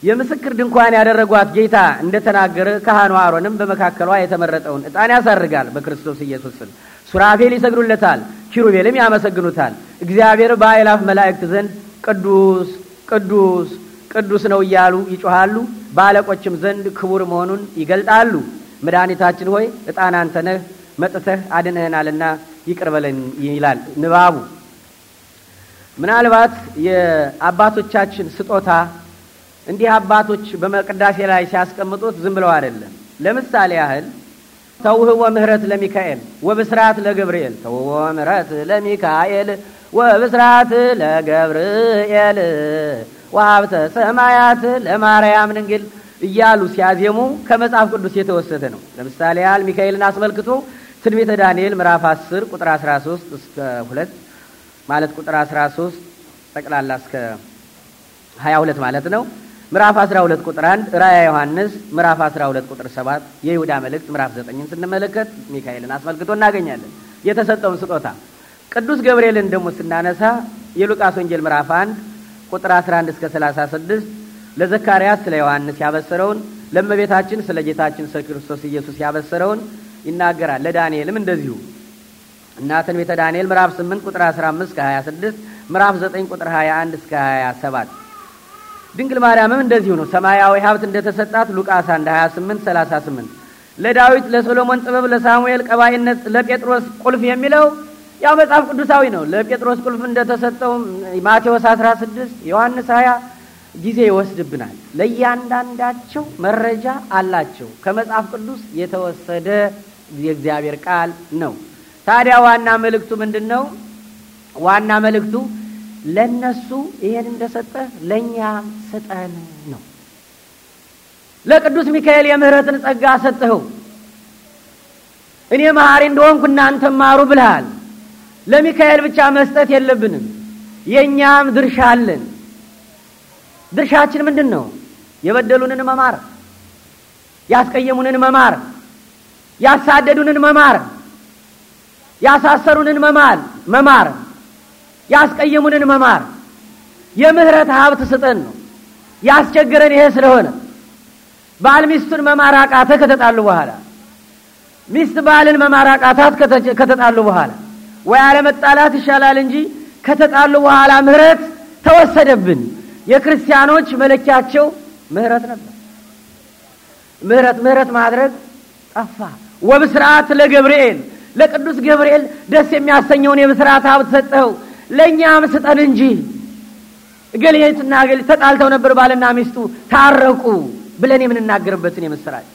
የምስክር ድንኳን ያደረጓት ጌታ እንደተናገረ ካህኑ አሮንም በመካከሏ የተመረጠውን ዕጣን ያሳርጋል። በክርስቶስ ኢየሱስ ስም ሱራፌል ይሰግዱለታል፣ ኪሩቤልም ያመሰግኑታል። እግዚአብሔር በአእላፍ መላእክት ዘንድ ቅዱስ ቅዱስ ቅዱስ ነው እያሉ ይጮሃሉ። በአለቆችም ዘንድ ክቡር መሆኑን ይገልጣሉ። መድኃኒታችን ሆይ ዕጣን አንተ ነህ፣ መጥተህ አድነህናልና ይቅር ይላል ንባቡ። ምናልባት የአባቶቻችን ስጦታ እንዲህ አባቶች በመቅዳሴ ላይ ሲያስቀምጡት ዝም ብለው አይደለም። ለምሳሌ ያህል ተውህወ ምህረት ለሚካኤል ወብስራት ለገብርኤል ተውህወ ምህረት ለሚካኤል ወብስራት ለገብርኤል ወሀብተ ሰማያት ለማርያም ድንግል እያሉ ሲያዜሙ ከመጽሐፍ ቅዱስ የተወሰደ ነው። ለምሳሌ ያህል ሚካኤልን አስመልክቶ ትንቢተ ዳንኤል ምዕራፍ 10 ቁጥር 13 እስከ 2 ማለት ቁጥር 13 ጠቅላላ እስከ 22 ማለት ነው። ምዕራፍ 12 ቁጥር 1 ራእየ ዮሐንስ ምዕራፍ 12 ቁጥር 7 የይሁዳ መልእክት ምዕራፍ 9 ስንመለከት ሚካኤልን አስመልክቶ እናገኛለን። የተሰጠውን ስጦታ ቅዱስ ገብርኤልን ደግሞ ስናነሳ የሉቃስ ወንጌል ምዕራፍ 1 ቁጥር 11 እስከ 36 ለዘካርያስ ስለ ዮሐንስ ያበሰረውን ለእመቤታችን ስለ ጌታችን ስለ ክርስቶስ ኢየሱስ ያበሰረውን ይናገራል። ለዳንኤልም እንደዚሁ እና ትንቢተ ዳንኤል ምዕራፍ 8 ቁጥር 15 እስከ 26፣ ምዕራፍ 9 ቁጥር 21 እስከ 27። ድንግል ማርያምም እንደዚሁ ነው። ሰማያዊ ሀብት እንደተሰጣት ሉቃስ 1 28 38 ለዳዊት ለሶሎሞን ጥበብ ለሳሙኤል ቀባይነት ለጴጥሮስ ቁልፍ የሚለው ያው መጽሐፍ ቅዱሳዊ ነው። ለጴጥሮስ ቁልፍ እንደተሰጠው ማቴዎስ 16 ዮሐንስ 20 ጊዜ ይወስድብናል። ለእያንዳንዳቸው መረጃ አላቸው ከመጽሐፍ ቅዱስ የተወሰደ የእግዚአብሔር ቃል ነው። ታዲያ ዋና መልእክቱ ምንድን ነው? ዋና መልእክቱ ለእነሱ ይሄን እንደሰጠ ለእኛ ስጠን ነው። ለቅዱስ ሚካኤል የምህረትን ጸጋ ሰጥኸው እኔ መሐሪ እንደሆንኩ እናንተ ማሩ ብልሃል። ለሚካኤል ብቻ መስጠት የለብንም የእኛም ድርሻ አለን። ድርሻችን ምንድን ነው? የበደሉንን መማር፣ ያስቀየሙንን መማር ያሳደዱንን መማር፣ ያሳሰሩንን መማር መማር፣ ያስቀየሙንን መማር። የምህረት ሀብት ስጠን ነው ያስቸገረን። ይሄ ስለሆነ ባል ሚስቱን መማር አቃተ ከተጣሉ በኋላ ሚስት ባልን መማር አቃታት ከተጣሉ በኋላ ወይ አለመጣላት ይሻላል እንጂ ከተጣሉ በኋላ ምህረት ተወሰደብን። የክርስቲያኖች መለኪያቸው ምህረት ነበር። ምህረት ምህረት ማድረግ ጠፋ። ወብስርዓት ለገብርኤል ለቅዱስ ገብርኤል ደስ የሚያሰኘውን የብስርዓት ሀብት ሰጠኸው፣ ለእኛ ምስጠን እንጂ። እገሌትና እገሌ ተጣልተው ነበር፣ ባልና ሚስቱ ታረቁ ብለን የምንናገርበትን የምስራች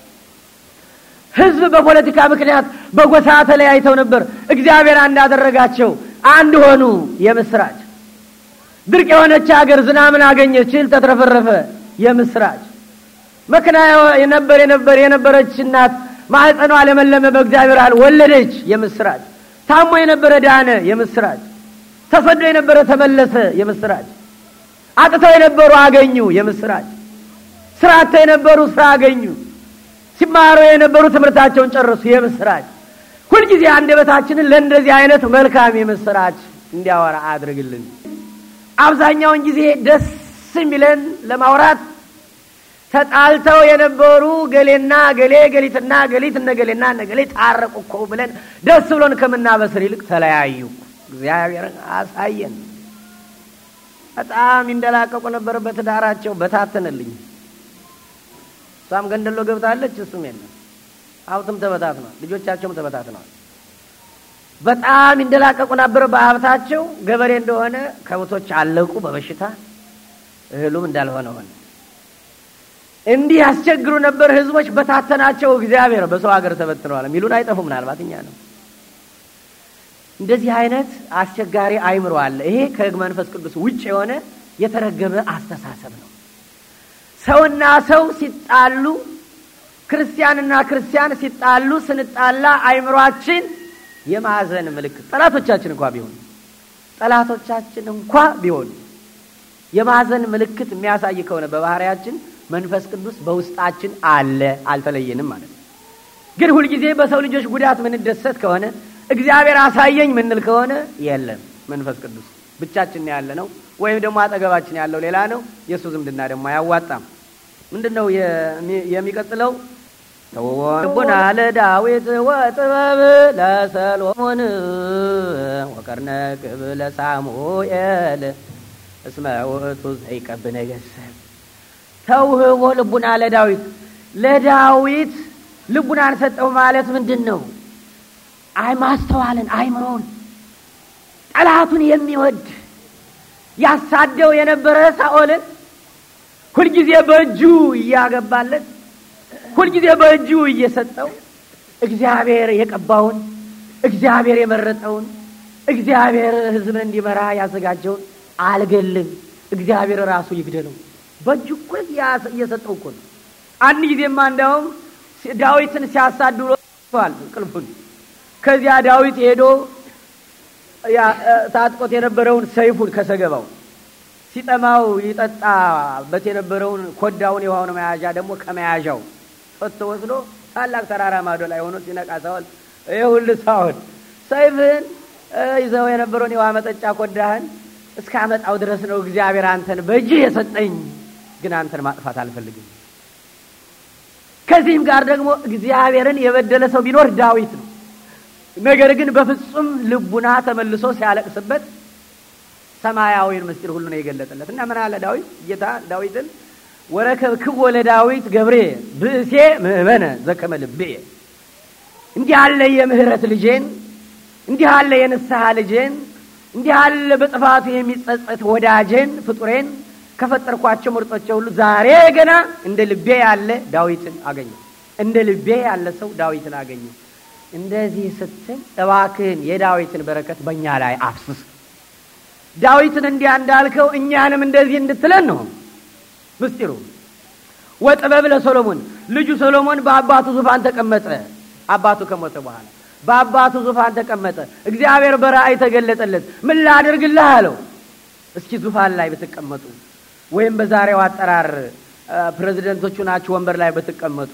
ህዝብ በፖለቲካ ምክንያት በጎሳ ተለያይተው ነበር፣ እግዚአብሔር እንዳደረጋቸው አንድ ሆኑ የምስራች። ድርቅ የሆነች ሀገር ዝናምን አገኘች፣ ችል ተትረፈረፈ የምስራች። መክና የነበር የነበር የነበረች እናት ማህፀኗ ለመለመ፣ በእግዚአብሔር ኃይል ወለደች። የምስራች። ታሞ የነበረ ዳነ። የምስራች። ተሰዶ የነበረ ተመለሰ። የምስራች። አጥተው የነበሩ አገኙ። የምስራች። ስራ አጥተው የነበሩ ስራ አገኙ። ሲማሩ የነበሩ ትምህርታቸውን ጨርሱ የምስራች። ሁልጊዜ አንደበታችንን ለእንደዚህ አይነት መልካም የምስራች እንዲያወራ አድርግልን። አብዛኛውን ጊዜ ደስ የሚለን ለማውራት ተጣልተው የነበሩ ገሌና ገሌ ገሊትና ገሊት እነ ገሌና እነ ገሌ ታረቁ እኮ ብለን ደስ ብሎን ከምናበስር ይልቅ ተለያዩ። እግዚአብሔርን አሳየን። በጣም ይንደላቀቁ ነበር በትዳራቸው። በታተንልኝ። እሷም ገንደሎ ገብታለች፣ እሱም የለም። ሀብትም ተበታትነዋል፣ ልጆቻቸውም ተበታትነዋል። በጣም ይንደላቀቁ ነበር በሀብታቸው። ገበሬ እንደሆነ ከብቶች አለቁ በበሽታ እህሉም እንዳልሆነ ሆነ። እንዲህ ያስቸግሩ ነበር ህዝቦች በታተናቸው እግዚአብሔር በሰው ሀገር ተበትነዋል የሚሉን አይጠፉም ምናልባት እኛ ነው እንደዚህ አይነት አስቸጋሪ አይምሮ አለ ይሄ ከመንፈስ ቅዱስ ውጭ የሆነ የተረገመ አስተሳሰብ ነው ሰውና ሰው ሲጣሉ ክርስቲያንና ክርስቲያን ሲጣሉ ስንጣላ አይምሯችን የማዘን ምልክት ጠላቶቻችን እንኳ ቢሆኑ ጠላቶቻችን እንኳ ቢሆን የማዘን ምልክት የሚያሳይ ከሆነ በባህርያችን መንፈስ ቅዱስ በውስጣችን አለ፣ አልተለየንም ማለት ነው። ግን ሁልጊዜ በሰው ልጆች ጉዳት ምንደሰት ከሆነ እግዚአብሔር አሳየኝ ምንል ከሆነ የለም መንፈስ ቅዱስ ብቻችን ያለ ነው፣ ወይም ደግሞ አጠገባችን ያለው ሌላ ነው። የእሱ ዝምድና ደግሞ አያዋጣም። ምንድን ነው የሚቀጥለው? ተወቡና ለዳዊት ወጥበብ ለሰሎሞን ወቀርነ ቅብ ለሳሙኤል እስመ ውእቱ ዘይቀብ ነገሰብ ተውህቦ ልቡና ለዳዊት ለዳዊት ልቡናን ሰጠው ማለት ምንድን ነው? አይ ማስተዋልን፣ አይምሮን ጠላቱን የሚወድ ያሳደው የነበረ ሳኦልን ሁልጊዜ በእጁ እያገባለት ሁልጊዜ በእጁ እየሰጠው እግዚአብሔር የቀባውን እግዚአብሔር የመረጠውን እግዚአብሔር ሕዝብን እንዲመራ ያዘጋጀውን አልገልም፣ እግዚአብሔር ራሱ ይግደለው በእጅ እኮ እየሰጠው እኮ ነው። አንድ ጊዜማ እንዲያውም ዳዊትን ሲያሳድሮ ል ቅልፉን። ከዚያ ዳዊት ሄዶ ታጥቆት የነበረውን ሰይፉን ከሰገባው ሲጠማው ይጠጣበት የነበረውን ኮዳውን የውሃውን መያዣ ደግሞ ከመያዣው ጦት ወስዶ ታላቅ ተራራ ማዶ ላይ ሆኖ ሲነቃ ሰዋል ይህ ሁሉ ሳውል ሰይፍህን ይዘው የነበረውን የውሃ መጠጫ ኮዳህን እስካመጣው ድረስ ነው እግዚአብሔር አንተን በእጅህ የሰጠኝ ግን አንተን ማጥፋት አልፈልግም። ከዚህም ጋር ደግሞ እግዚአብሔርን የበደለ ሰው ቢኖር ዳዊት ነው። ነገር ግን በፍጹም ልቡና ተመልሶ ሲያለቅስበት ሰማያዊን ምስጢር ሁሉ ነው የገለጠለት እና ምን አለ ዳዊት ጌታ ዳዊትን ወረከብክቦ ለዳዊት ገብሬ ብእሴ ምእመነ ዘከመ ልብየ እንዲህ አለ የምህረት ልጄን እንዲህ አለ የንስሐ ልጄን እንዲህ አለ በጥፋቱ የሚጸጸት ወዳጄን ፍጡሬን ከፈጠርኳቸው ምርጦች ሁሉ ዛሬ ገና እንደ ልቤ ያለ ዳዊትን አገኘ እንደ ልቤ ያለ ሰው ዳዊትን አገኘ እንደዚህ ስትል እባክህን የዳዊትን በረከት በእኛ ላይ አፍስስ። ዳዊትን እንዲያ እንዳልከው እኛንም እንደዚህ እንድትለን ነው ምስጢሩ። ወጥበብ ለሶሎሞን ልጁ ሰሎሞን በአባቱ ዙፋን ተቀመጠ። አባቱ ከሞተ በኋላ በአባቱ ዙፋን ተቀመጠ። እግዚአብሔር በራእይ ተገለጠለት። ምን ላድርግልህ አለው። እስኪ ዙፋን ላይ ብትቀመጡ ወይም በዛሬው አጠራር ፕሬዚደንቶቹ ናችሁ ወንበር ላይ በተቀመጡ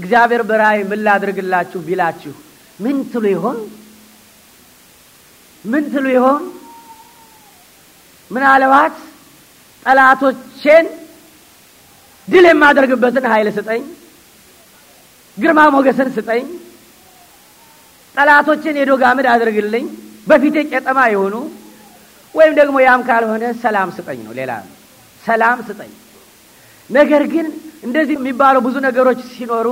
እግዚአብሔር በራይ ምን ላድርግላችሁ ቢላችሁ ምን ትሉ ይሆን? ምን ትሉ ይሆን? ምናልባት ጠላቶቼን ድል የማደርግበትን ኃይል ስጠኝ፣ ግርማ ሞገስን ስጠኝ፣ ጠላቶችን የዶጋምድ አድርግልኝ፣ በፊቴ ቄጠማ የሆኑ ወይም ደግሞ ያም ካልሆነ ሰላም ስጠኝ ነው። ሌላ ሰላም ስጠኝ። ነገር ግን እንደዚህ የሚባሉ ብዙ ነገሮች ሲኖሩ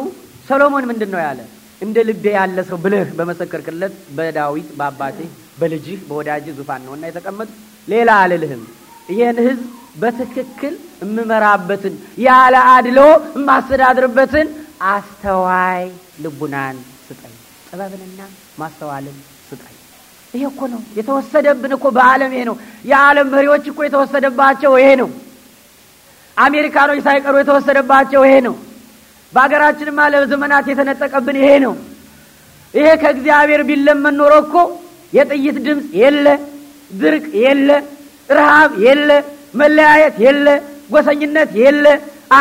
ሰሎሞን ምንድን ነው ያለ? እንደ ልቤ ያለ ሰው ብልህ በመሰከርክለት በዳዊት በአባቴ በልጅህ በወዳጅ ዙፋን ነውና የተቀመጡ ሌላ አልልህም። ይህን ህዝብ በትክክል እምመራበትን ያለ አድሎ የማስተዳድርበትን አስተዋይ ልቡናን ስጠኝ ጥበብንና ማስተዋልን ይሄ እኮ ነው የተወሰደብን እኮ በዓለም ይሄ ነው። የዓለም መሪዎች እኮ የተወሰደባቸው ይሄ ነው። አሜሪካኖች ሳይቀሩ የተወሰደባቸው ይሄ ነው። በሀገራችንማ ለዘመናት የተነጠቀብን ይሄ ነው። ይሄ ከእግዚአብሔር ቢለመን ኖሮ እኮ የጥይት ድምፅ የለ፣ ድርቅ የለ፣ ረሃብ የለ፣ መለያየት የለ፣ ጎሰኝነት የለ፣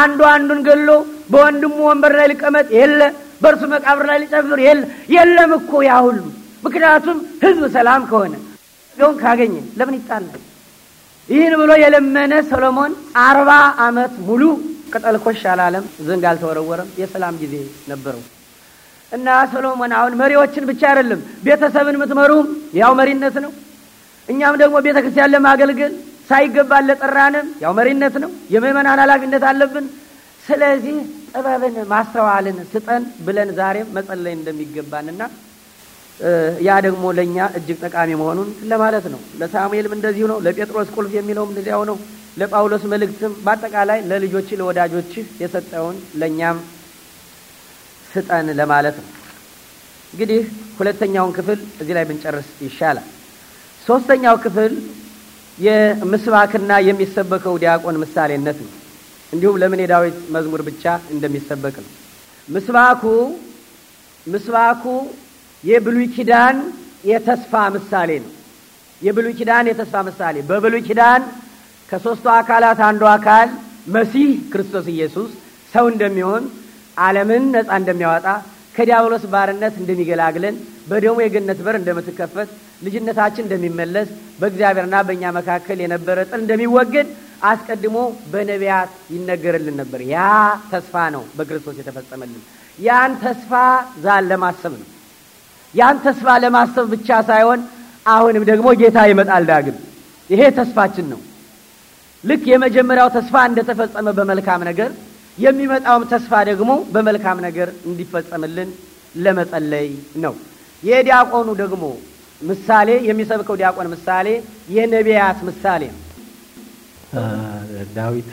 አንዱ አንዱን ገሎ በወንድሙ ወንበር ላይ ሊቀመጥ የለ፣ በእርሱ መቃብር ላይ ሊጨፍር የለ። የለም እኮ ያ ሁሉ ምክንያቱም ህዝብ ሰላም ከሆነ ውን ካገኘ ለምን ይጣላል? ይህን ብሎ የለመነ ሰሎሞን አርባ ዓመት ሙሉ ቅጠል አላለም፣ ዘንግ አልተወረወረም። የሰላም ጊዜ ነበረው እና ሰሎሞን አሁን መሪዎችን ብቻ አይደለም ቤተሰብን የምትመሩም ያው መሪነት ነው። እኛም ደግሞ ቤተ ክርስቲያን ለማገልገል ሳይገባን ለጠራንም ያው መሪነት ነው። የምእመናን ኃላፊነት አለብን። ስለዚህ ጥበብን ማስተዋልን ስጠን ብለን ዛሬም መጸለይ እንደሚገባንና ያ ደግሞ ለእኛ እጅግ ጠቃሚ መሆኑን ለማለት ነው። ለሳሙኤልም እንደዚሁ ነው። ለጴጥሮስ ቁልፍ የሚለውም እንደዚያው ነው። ለጳውሎስ መልእክትም በአጠቃላይ ለልጆች ለወዳጆችህ የሰጠውን ለእኛም ስጠን ለማለት ነው። እንግዲህ ሁለተኛውን ክፍል እዚህ ላይ ብንጨርስ ይሻላል። ሶስተኛው ክፍል የምስባክና የሚሰበከው ዲያቆን ምሳሌነት ነው። እንዲሁም ለምን የዳዊት መዝሙር ብቻ እንደሚሰበክ ነው። ምስባኩ ምስባኩ የብሉይ ኪዳን የተስፋ ምሳሌ ነው። የብሉይ ኪዳን የተስፋ ምሳሌ በብሉይ ኪዳን ከሦስቱ አካላት አንዱ አካል መሲህ ክርስቶስ ኢየሱስ ሰው እንደሚሆን ዓለምን ነፃ እንደሚያወጣ ከዲያብሎስ ባርነት እንደሚገላግለን በደሙ የገነት በር እንደምትከፈት ልጅነታችን እንደሚመለስ በእግዚአብሔርና በእኛ መካከል የነበረ ጥል እንደሚወገድ አስቀድሞ በነቢያት ይነገርልን ነበር። ያ ተስፋ ነው በክርስቶስ የተፈጸመልን። ያን ተስፋ ዛን ለማሰብ ነው። ያን ተስፋ ለማሰብ ብቻ ሳይሆን አሁንም ደግሞ ጌታ ይመጣል ዳግም። ይሄ ተስፋችን ነው። ልክ የመጀመሪያው ተስፋ እንደተፈጸመ በመልካም ነገር የሚመጣውም ተስፋ ደግሞ በመልካም ነገር እንዲፈጸምልን ለመጸለይ ነው። የዲያቆኑ ደግሞ ምሳሌ የሚሰብከው ዲያቆን ምሳሌ የነቢያት ምሳሌ ነው። ዳዊት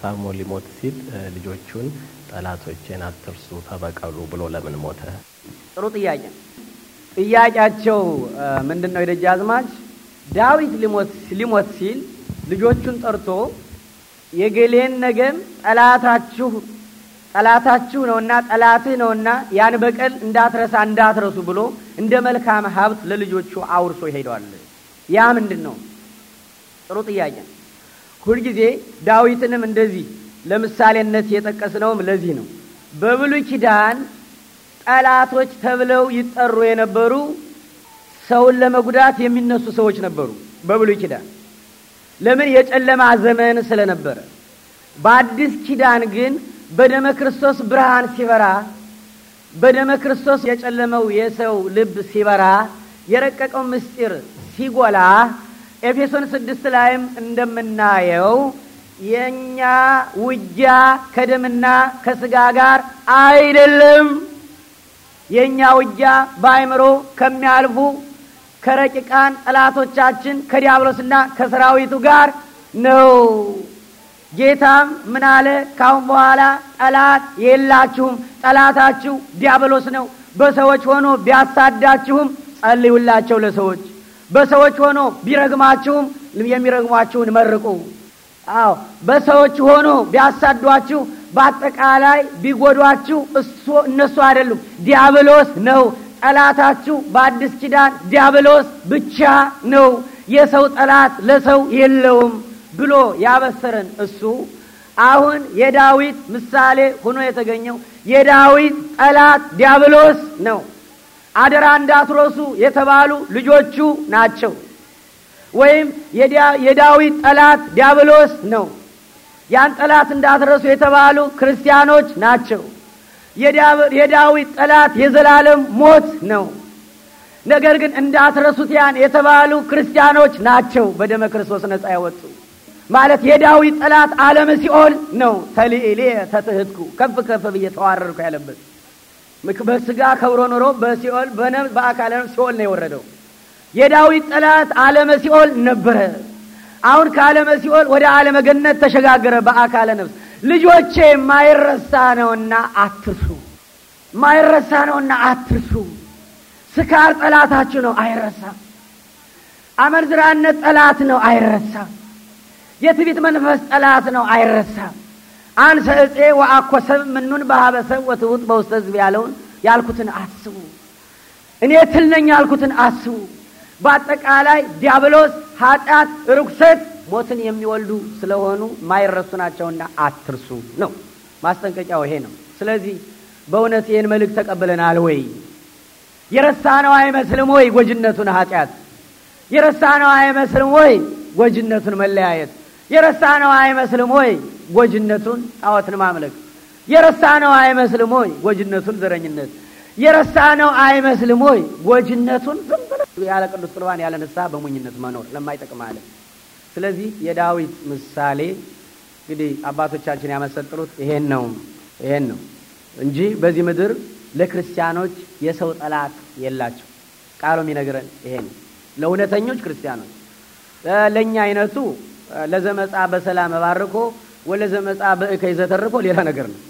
ሳሞ ሊሞት ሲል ልጆቹን ጠላቶቼን አትርሱ ተበቀሉ ብሎ ለምን ሞተ? ጥሩ ጥያቄ። ጥያቄያቸው ምንድን ነው? የደጃዝማች ዳዊት ሊሞት ሲል ልጆቹን ጠርቶ የገሌን ነገም ጠላታችሁ ጠላታችሁ ነውና ጠላትህ ነውና ያን በቀል እንዳትረሳ እንዳትረሱ ብሎ እንደ መልካም ሀብት ለልጆቹ አውርሶ ይሄደዋል። ያ ምንድን ነው? ጥሩ ጥያቄ። ሁልጊዜ ዳዊትንም እንደዚህ ለምሳሌነት የጠቀስነውም ለዚህ ነው። በብሉይ ኪዳን ጠላቶች ተብለው ይጠሩ የነበሩ ሰውን ለመጉዳት የሚነሱ ሰዎች ነበሩ በብሉይ ኪዳን። ለምን? የጨለማ ዘመን ስለነበረ። በአዲስ ኪዳን ግን በደመ ክርስቶስ ብርሃን ሲበራ፣ በደመ ክርስቶስ የጨለመው የሰው ልብ ሲበራ፣ የረቀቀው ምስጢር ሲጎላ ኤፌሶን ስድስት ላይም እንደምናየው የእኛ ውጊያ ከደምና ከስጋ ጋር አይደለም የእኛ ውጊያ በአይምሮ ከሚያልፉ ከረቂቃን ጠላቶቻችን ከዲያብሎስና ከሰራዊቱ ጋር ነው። ጌታም ምን አለ? ካሁን በኋላ ጠላት የላችሁም። ጠላታችሁ ዲያብሎስ ነው። በሰዎች ሆኖ ቢያሳዳችሁም ጸልዩላቸው ለሰዎች። በሰዎች ሆኖ ቢረግማችሁም የሚረግሟችሁን መርቁ። አዎ በሰዎች ሆኖ ቢያሳዷችሁ በአጠቃላይ ቢጎዷችሁ እነሱ አይደሉም፣ ዲያብሎስ ነው ጠላታችሁ። በአዲስ ኪዳን ዲያብሎስ ብቻ ነው የሰው ጠላት ለሰው የለውም ብሎ ያበሰረን እሱ አሁን የዳዊት ምሳሌ ሆኖ የተገኘው የዳዊት ጠላት ዲያብሎስ ነው። አደራ እንዳትረሱ የተባሉ ልጆቹ ናቸው። ወይም የዳዊት ጠላት ዲያብሎስ ነው። ያን ጠላት እንዳትረሱ የተባሉ ክርስቲያኖች ናቸው። የዳዊት ጠላት የዘላለም ሞት ነው። ነገር ግን እንዳትረሱት ያን የተባሉ ክርስቲያኖች ናቸው። በደመ ክርስቶስ ነጻ ያወጡ ማለት የዳዊት ጠላት ዓለም ሲኦል ነው። ተልዕሌ ተትህትኩ ከፍ ከፍ ብዬ ተዋረርኩ ያለበት በስጋ ከብሮ ኖሮ በሲኦል በአካል ሲኦል ነው የወረደው። የዳዊት ጠላት ዓለም ሲኦል ነበረ። አሁን ከዓለመ ሲኦል ወደ ዓለመ ገነት ተሸጋገረ በአካለ ነፍስ። ልጆቼ ማይረሳ ነውና አትርሱ፣ ማይረሳ ነውና አትርሱ። ስካር ጠላታችሁ ነው፣ አይረሳ። አመንዝራነት ጠላት ነው፣ አይረሳ። የትቢት መንፈስ ጠላት ነው፣ አይረሳ። አንሰ እፄ ወአኮሰብ ምኑን በሀበሰብ ወትውጥ በውስተ ሕዝብ ያለውን ያልኩትን አስቡ። እኔ ትል ነኝ ያልኩትን አስቡ። በአጠቃላይ ዲያብሎስ፣ ኃጢአት፣ ርኩሰት ሞትን የሚወልዱ ስለሆኑ ማይረሱ ናቸውና አትርሱ ነው ማስጠንቀቂያው ይሄ ነው። ስለዚህ በእውነት ይህን መልእክት ተቀብለናል ወይ? የረሳነው አይመስልም ወይ? ጎጅነቱን ኃጢአት ነው አይመስልም ወይ? ጎጅነቱን መለያየት የረሳ ነው አይመስልም ወይ? ጎጅነቱን ጣዖትን ማምለክ የረሳነው አይመስልም ወይ? ጎጅነቱን ዘረኝነት የረሳ ነው አይመስልም ወይ? ጎጅነቱን ዝም ብለው ያለ ቅዱስ ቁርባን ያለ ንስሐ በሞኝነት መኖር ለማይጠቅም አለ። ስለዚህ የዳዊት ምሳሌ እንግዲህ አባቶቻችን ያመሰጥሩት ይሄን ነው ይሄን ነው እንጂ በዚህ ምድር ለክርስቲያኖች የሰው ጠላት የላቸው። ቃሉ የሚነግረን ይሄን ለእውነተኞች ክርስቲያኖች ለእኛ አይነቱ ለዘመፃ በሰላም ባርኮ ወለዘመፃ በእከይ ዘተርኮ ሌላ ነገር ነው።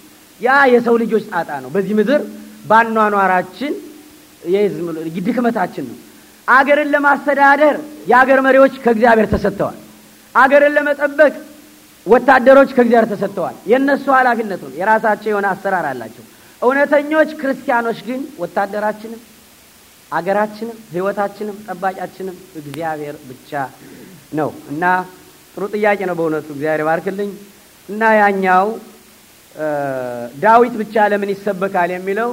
ያ የሰው ልጆች ጣጣ ነው በዚህ ምድር ባኗኗራችን የህዝብ ድክመታችን ነው። አገርን ለማስተዳደር የአገር መሪዎች ከእግዚአብሔር ተሰጥተዋል። አገርን ለመጠበቅ ወታደሮች ከእግዚአብሔር ተሰጥተዋል። የእነሱ ኃላፊነት ነው። የራሳቸው የሆነ አሰራር አላቸው። እውነተኞች ክርስቲያኖች ግን ወታደራችንም፣ አገራችንም፣ ህይወታችንም፣ ጠባቂያችንም እግዚአብሔር ብቻ ነው እና ጥሩ ጥያቄ ነው በእውነቱ እግዚአብሔር ባርክልኝ እና ያኛው ዳዊት ብቻ ለምን ይሰበካል የሚለው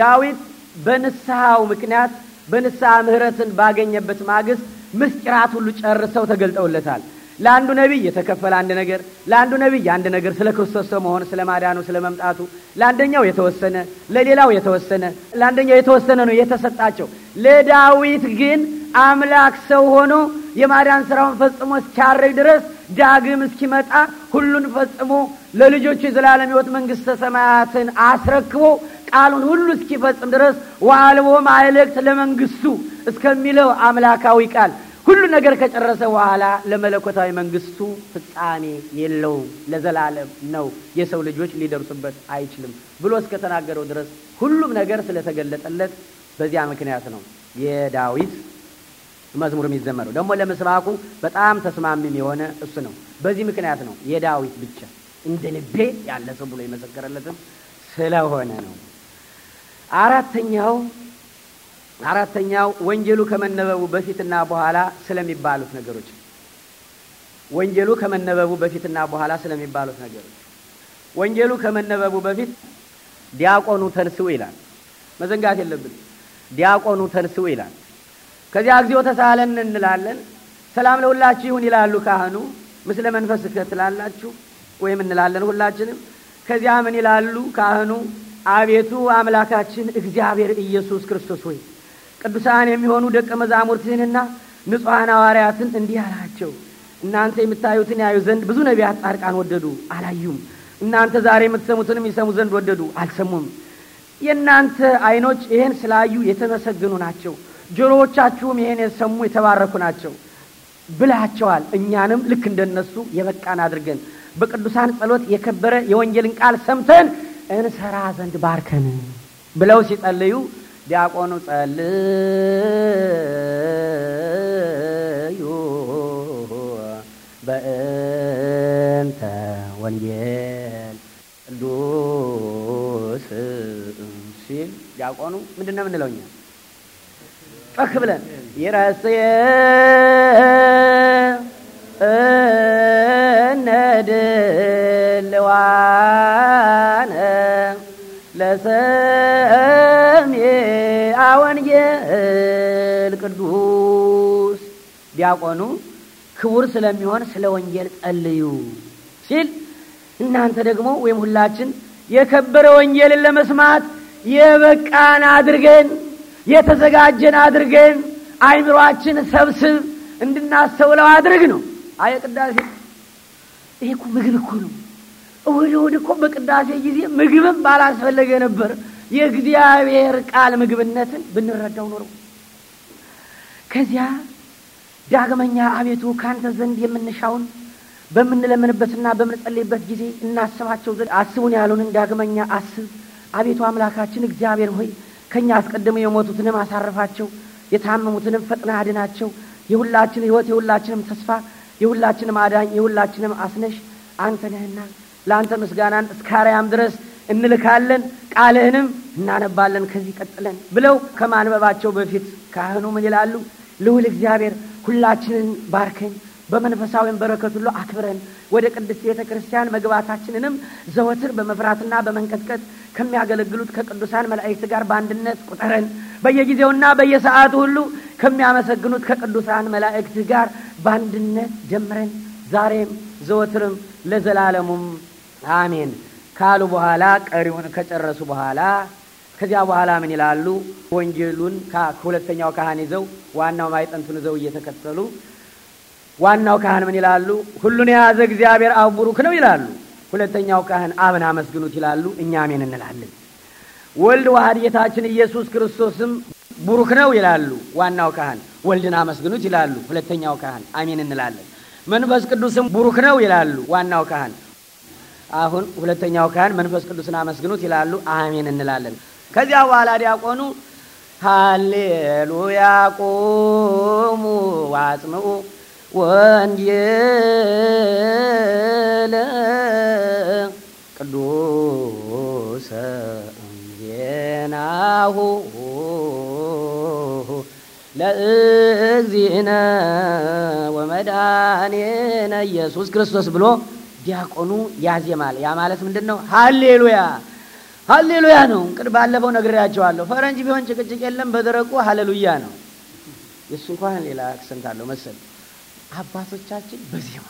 ዳዊት በንስሐው ምክንያት በንስሐ ምህረትን ባገኘበት ማግስት ምስጢራት ሁሉ ጨርሰው ተገልጠውለታል። ለአንዱ ነቢይ የተከፈለ አንድ ነገር፣ ለአንዱ ነቢይ አንድ ነገር ስለ ክርስቶስ ሰው መሆን፣ ስለ ማዳኑ፣ ስለ መምጣቱ፣ ለአንደኛው የተወሰነ፣ ለሌላው የተወሰነ፣ ለአንደኛው የተወሰነ ነው የተሰጣቸው። ለዳዊት ግን አምላክ ሰው ሆኖ የማዳን ስራውን ፈጽሞ እስኪያረግ ድረስ ዳግም እስኪመጣ ሁሉን ፈጽሞ ለልጆቹ የዘላለም ሕይወት መንግሥተ ሰማያትን አስረክቦ ቃሉን ሁሉ እስኪፈጽም ድረስ ዋልቦ ማእልክት ለመንግስቱ እስከሚለው አምላካዊ ቃል ሁሉ ነገር ከጨረሰ በኋላ ለመለኮታዊ መንግስቱ ፍጻሜ የለውም፣ ለዘላለም ነው፣ የሰው ልጆች ሊደርሱበት አይችልም ብሎ እስከተናገረው ድረስ ሁሉም ነገር ስለተገለጠለት በዚያ ምክንያት ነው የዳዊት መዝሙር የሚዘመረው። ደግሞ ለምስራቁ በጣም ተስማሚም የሆነ እሱ ነው። በዚህ ምክንያት ነው የዳዊት ብቻ እንደ ልቤ ያለ ሰው ብሎ የመሰከረለትም ስለሆነ ነው። አራተኛው አራተኛው ወንጀሉ ከመነበቡ በፊትና በኋላ ስለሚባሉት ነገሮች ወንጀሉ ከመነበቡ በፊትና በኋላ ስለሚባሉት ነገሮች ወንጀሉ ከመነበቡ በፊት ዲያቆኑ ተንስኡ ይላል። መዘንጋት የለብን። ዲያቆኑ ተንስኡ ይላል። ከዚያ እግዚኦ ተሳለን እንላለን። ሰላም ለሁላችሁ ይሁን ይላሉ ካህኑ። ምስለ መንፈስ ትላላችሁ ወይም እንላለን ሁላችንም። ከዚያ ምን ይላሉ ካህኑ አቤቱ አምላካችን እግዚአብሔር ኢየሱስ ክርስቶስ ሆይ ቅዱሳን የሚሆኑ ደቀ መዛሙርትህንና ንጹሐን አዋርያትን እንዲህ አላቸው፣ እናንተ የምታዩትን ያዩ ዘንድ ብዙ ነቢያት፣ ጻድቃን ወደዱ፣ አላዩም። እናንተ ዛሬ የምትሰሙትንም ይሰሙ ዘንድ ወደዱ፣ አልሰሙም። የእናንተ አይኖች ይህን ስላዩ የተመሰገኑ ናቸው፣ ጆሮዎቻችሁም ይህን የሰሙ የተባረኩ ናቸው ብላቸዋል። እኛንም ልክ እንደነሱ የበቃን አድርገን በቅዱሳን ጸሎት የከበረ የወንጌልን ቃል ሰምተን እንሰራ ዘንድ ባርከን ብለው ሲጸልዩ ዲያቆኑ ጸልዩ በእንተ ወንጌል ቅዱስ ሲል ዲያቆኑ ምንድን ነው የምንለው ጮክ ብለን ይረስ እነድልዋ ለሰሚዐ ወንጌል ቅዱስ ዲያቆኑ ክቡር ስለሚሆን ስለ ወንጌል ጸልዩ ሲል እናንተ ደግሞ ወይም ሁላችን የከበረ ወንጌልን ለመስማት የበቃን አድርገን የተዘጋጀን አድርገን አይምሯችን ሰብስብ እንድናስተውለው አድርግ ነው። አየ ቅዳሴ ይሄ ምግብ እኮ ነው። እሁድ እሁድ እኮ በቅዳሴ ጊዜ ምግብም ባላስፈለገ ነበር። የእግዚአብሔር ቃል ምግብነትን ብንረዳው ኖሮ ከዚያ ዳግመኛ አቤቱ ካንተ ዘንድ የምንሻውን በምንለምንበትና በምንጸልይበት ጊዜ እናስባቸው ዘንድ አስቡን ያሉንን ዳግመኛ አስብ። አቤቱ አምላካችን እግዚአብሔር ሆይ ከእኛ አስቀድሞ የሞቱትንም አሳርፋቸው፣ የታመሙትንም ፈጥና አድናቸው። የሁላችን ሕይወት፣ የሁላችንም ተስፋ፣ የሁላችንም አዳኝ፣ የሁላችንም አስነሽ አንተ ነህና ለአንተ ምስጋናን እስካርያም ድረስ እንልካለን ቃልህንም እናነባለን ከዚህ ቀጥለን ብለው ከማንበባቸው በፊት ካህኑ ምን ይላሉ? ልውል እግዚአብሔር ሁላችንን ባርከኝ፣ በመንፈሳዊም በረከት ሁሉ አክብረን፣ ወደ ቅድስት ቤተ ክርስቲያን መግባታችንንም ዘወትር በመፍራትና በመንቀጥቀጥ ከሚያገለግሉት ከቅዱሳን መላእክት ጋር በአንድነት ቁጠረን፣ በየጊዜውና በየሰዓቱ ሁሉ ከሚያመሰግኑት ከቅዱሳን መላእክት ጋር በአንድነት ጀምረን፣ ዛሬም ዘወትርም ለዘላለሙም አሜን ካሉ በኋላ ቀሪውን ከጨረሱ በኋላ ከዚያ በኋላ ምን ይላሉ? ወንጀሉን ከሁለተኛው ካህን ይዘው ዋናው ማይጠንቱን ይዘው እየተከተሉ ዋናው ካህን ምን ይላሉ? ሁሉን የያዘ እግዚአብሔር አብ ቡሩክ ነው ይላሉ። ሁለተኛው ካህን አብን አመስግኑት ይላሉ። እኛ አሜን እንላለን። ወልድ ዋህድ ጌታችን ኢየሱስ ክርስቶስም ቡሩክ ነው ይላሉ። ዋናው ካህን ወልድን አመስግኑት ይላሉ። ሁለተኛው ካህን አሜን እንላለን። መንፈስ ቅዱስም ቡሩክ ነው ይላሉ። ዋናው ካህን አሁን ሁለተኛው ካህን መንፈስ ቅዱስን አመስግኑት ይላሉ። አሜን እንላለን። ከዚያ በኋላ ዲያቆኑ ሃሌሉያ ቁሙ ዋጽምኡ ወንጌለ ቅዱሰ እምዜናሁ ለእግዚእነ ወመድኃኔነ ኢየሱስ ክርስቶስ ብሎ ዲያቆኑ ያዜማል። ያ ማለት ምንድን ነው? ሀሌሉያ ሀሌሉያ ነው። እንቅድ ባለፈው ነግሬያቸዋለሁ። ፈረንጅ ቢሆን ጭቅጭቅ የለም። በደረቁ ሀሌሉያ ነው። የእሱ እንኳን ሌላ አክሰንት አለው መሰል። አባቶቻችን በዜማ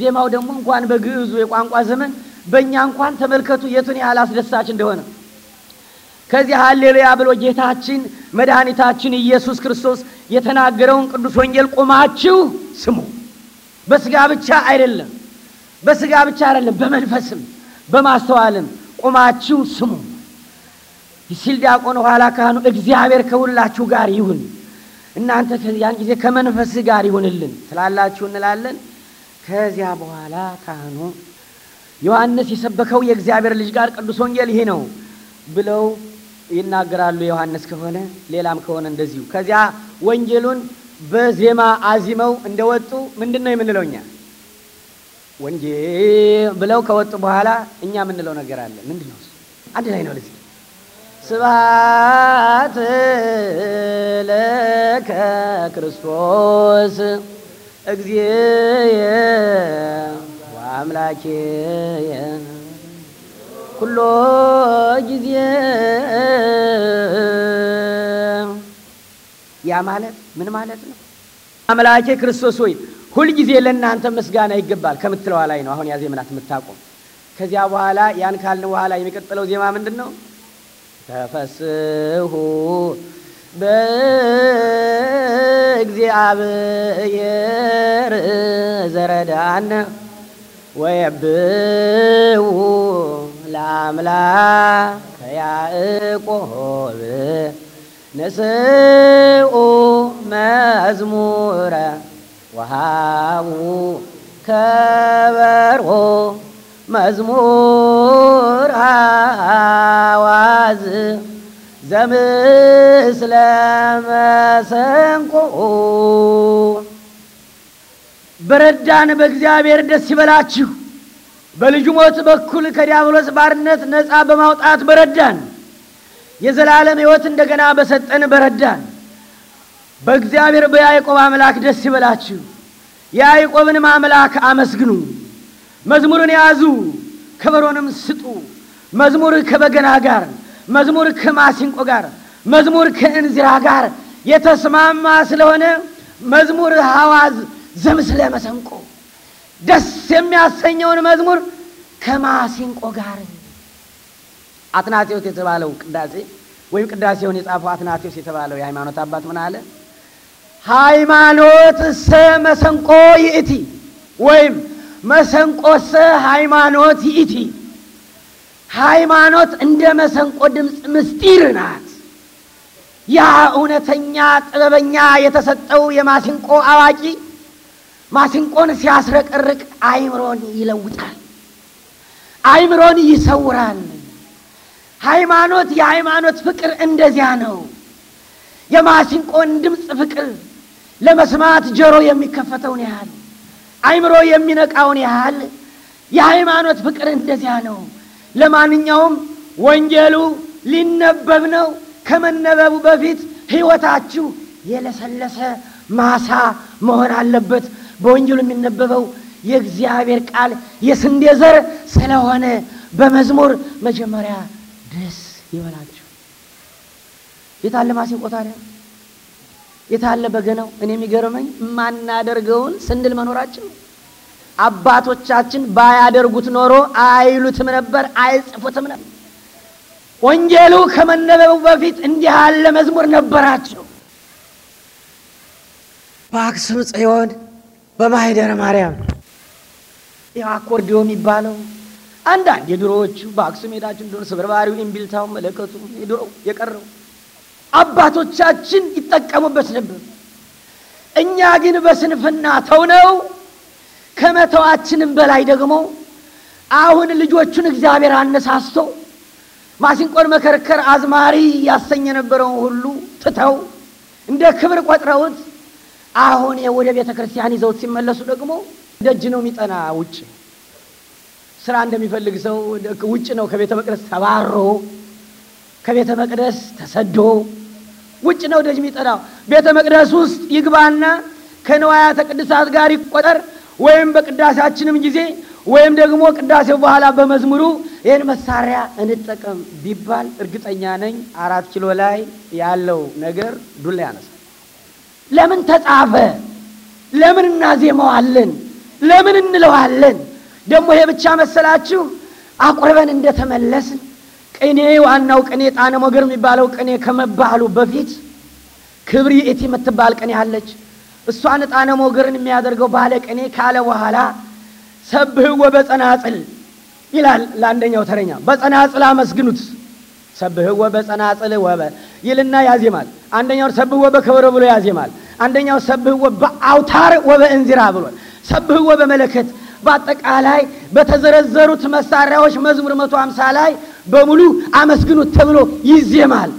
ዜማው ደግሞ እንኳን በግዕዙ የቋንቋ ዘመን በእኛ እንኳን ተመልከቱ የቱን ያህል አስደሳች እንደሆነ። ከዚህ ሀሌሉያ ብሎ ጌታችን መድኃኒታችን ኢየሱስ ክርስቶስ የተናገረውን ቅዱስ ወንጌል ቆማችሁ ስሙ። በስጋ ብቻ አይደለም በስጋ ብቻ አይደለም፣ በመንፈስም በማስተዋልም ቁማችሁ ስሙ ሲል ዲያቆን ኋላ ካህኑ እግዚአብሔር ከሁላችሁ ጋር ይሁን፣ እናንተ ያን ጊዜ ከመንፈስ ጋር ይሁንልን ስላላችሁ እንላለን። ከዚያ በኋላ ካህኑ ዮሐንስ የሰበከው የእግዚአብሔር ልጅ ጋር ቅዱስ ወንጌል ይሄ ነው ብለው ይናገራሉ። ዮሐንስ ከሆነ ሌላም ከሆነ እንደዚሁ። ከዚያ ወንጌሉን በዜማ አዚመው እንደወጡ ምንድን ነው የምንለው እኛ? ወንጌ ብለው ከወጡ በኋላ እኛ የምንለው ነገር አለ። ምንድን ነው? አንድ ላይ ነው። ለዚህ ስብሐት ለከ ክርስቶስ እግዚእየ ወአምላኬ ኩሎ ጊዜ። ያ ማለት ምን ማለት ነው? አምላኬ ክርስቶስ ወይ ሁልጊዜ ለእናንተ ምስጋና ይገባል ከምትለዋ ላይ ነው አሁን ያ ዜማ የምታቆም። ከዚያ በኋላ ያን ካልን በኋላ የሚቀጥለው ዜማ ምንድን ነው? በእግዚአብሔር ዘረዳነ ወየብው ለአምላከ ያዕቆብ ንስኡ መዝሙረ ወሃቡ ከበሮ መዝሙር አዋዝ ዘምስለ መሰንቆ በረዳን በእግዚአብሔር ደስ ይበላችሁ። በልጁ ሞት በኩል ከዲያብሎስ ባርነት ነፃ በማውጣት በረዳን። የዘላለም ሕይወት እንደገና በሰጠን በረዳን። በእግዚአብሔር በያዕቆብ አምላክ ደስ ይበላችሁ፣ የያዕቆብንም አምላክ አመስግኑ፣ መዝሙርን ያዙ፣ ከበሮንም ስጡ። መዝሙር ከበገና ጋር፣ መዝሙር ከማሲንቆ ጋር፣ መዝሙር ከእንዚራ ጋር የተስማማ ስለሆነ መዝሙር ሐዋዝ ዘምስለ መሰንቆ ደስ የሚያሰኘውን መዝሙር ከማሲንቆ ጋር አትናቴዎስ የተባለው ቅዳሴ ወይም ቅዳሴውን የጻፈው አትናቴዎስ የተባለው የሃይማኖት አባት ምን አለ? ሰ መሰንቆ ይእቲ ወይም መሰንቆሰ ሃይማኖት ይእቲ። ሃይማኖት እንደ መሰንቆ ድምፅ ምስጢር ናት። ያ እውነተኛ ጥበበኛ የተሰጠው የማሲንቆ አዋቂ ማሲንቆን ሲያስረቀርቅ አይምሮን ይለውጣል፣ አይምሮን ይሰውራል። ሃይማኖት የሃይማኖት ፍቅር እንደዚያ ነው። የማሲንቆን ድምፅ ፍቅር ለመስማት ጆሮ የሚከፈተውን ያህል አይምሮ የሚነቃውን ያህል የሃይማኖት ፍቅር እንደዚያ ነው። ለማንኛውም ወንጌሉ ሊነበብ ነው። ከመነበቡ በፊት ሕይወታችሁ የለሰለሰ ማሳ መሆን አለበት። በወንጌሉ የሚነበበው የእግዚአብሔር ቃል የስንዴ ዘር ስለሆነ በመዝሙር መጀመሪያ ደስ ይበላችሁ። የታለ ማሲንቆ የታለ በገናው? እኔ የሚገርመኝ የማናደርገውን ስንል መኖራችን አባቶቻችን ባያደርጉት ኖሮ አይሉትም ነበር፣ አይጽፉትም ነበር። ወንጌሉ ከመነበቡ በፊት እንዲህ ያለ መዝሙር ነበራቸው። በአክሱም ጽዮን በማይደር ማርያም ያው አኮርዲዮ የሚባለው አንዳንድ የድሮዎቹ በአክሱም ሄዳችሁ ድሮ ስብርባሪው፣ እምቢልታው፣ መለከቱ የድሮው የቀረው አባቶቻችን ይጠቀሙበት ነበር። እኛ ግን በስንፍና ተውነው ከመተዋችንም በላይ ደግሞ አሁን ልጆቹን እግዚአብሔር አነሳስቶ ማሲንቆን መከርከር አዝማሪ ያሰኘ የነበረውን ሁሉ ትተው እንደ ክብር ቆጥረውት አሁን ወደ ቤተ ክርስቲያን ይዘውት ሲመለሱ ደግሞ ደጅ ነው የሚጠና ውጭ ስራ እንደሚፈልግ ሰው ውጭ ነው ከቤተ መቅደስ ተባሮ ከቤተ መቅደስ ተሰዶ ውጭ ነው ደጅ የሚጠራው ቤተ መቅደስ ውስጥ ይግባና ከንዋያተ ቅድሳት ጋር ይቆጠር ወይም በቅዳሴያችንም ጊዜ ወይም ደግሞ ቅዳሴው በኋላ በመዝሙሩ ይህን መሳሪያ እንጠቀም ቢባል እርግጠኛ ነኝ አራት ኪሎ ላይ ያለው ነገር ዱላ ያነሳል። ለምን ተጻፈ? ለምን እናዜመዋለን? ለምን እንለዋለን? ደግሞ ይሄ ብቻ መሰላችሁ? አቁርበን እንደተመለስን ቅኔ ዋናው ቅኔ ጣነ ሞገር የሚባለው ቅኔ ከመባሉ በፊት እቲ የምትባል ቅኔ አለች። እሷን ጣነ ሞገርን የሚያደርገው ባለ ቅኔ ካለ በኋላ ሰብህ ወበጸናጽል ይላል። ለአንደኛው ተረኛ በጸናጽል አመስግኑት ሰብህወ በጸናጽል ወበ ይልና ያዜማል። አንደኛው ሰብህወ በከበሮ ብሎ ያዜማል። አንደኛው ሰብህወ በአውታር እንዚራ ብሏል። ሰብህወ በመለከት በአጠቃላይ በተዘረዘሩት መሳሪያዎች መዝሙር መቶ አምሳ ላይ በሙሉ አመስግኑት ተብሎ ይዜማል።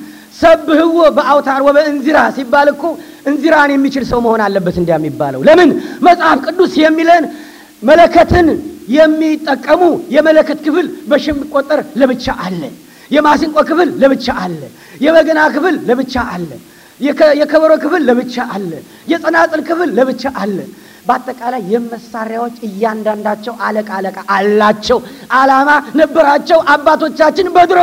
ሰብህዎ በአውታር ወበእንዚራ ሲባል እኮ እንዚራን የሚችል ሰው መሆን አለበት እንዲያ የሚባለው ለምን? መጽሐፍ ቅዱስ የሚለን መለከትን የሚጠቀሙ የመለከት ክፍል በሺ የሚቆጠር ለብቻ አለ። የማሲንቆ ክፍል ለብቻ አለ። የበገና ክፍል ለብቻ አለ። የከበሮ ክፍል ለብቻ አለ። የጸናጽል ክፍል ለብቻ አለ። በአጠቃላይ የመሳሪያዎች እያንዳንዳቸው አለቃ አለቃ አላቸው፣ አላማ ነበራቸው። አባቶቻችን በድሮ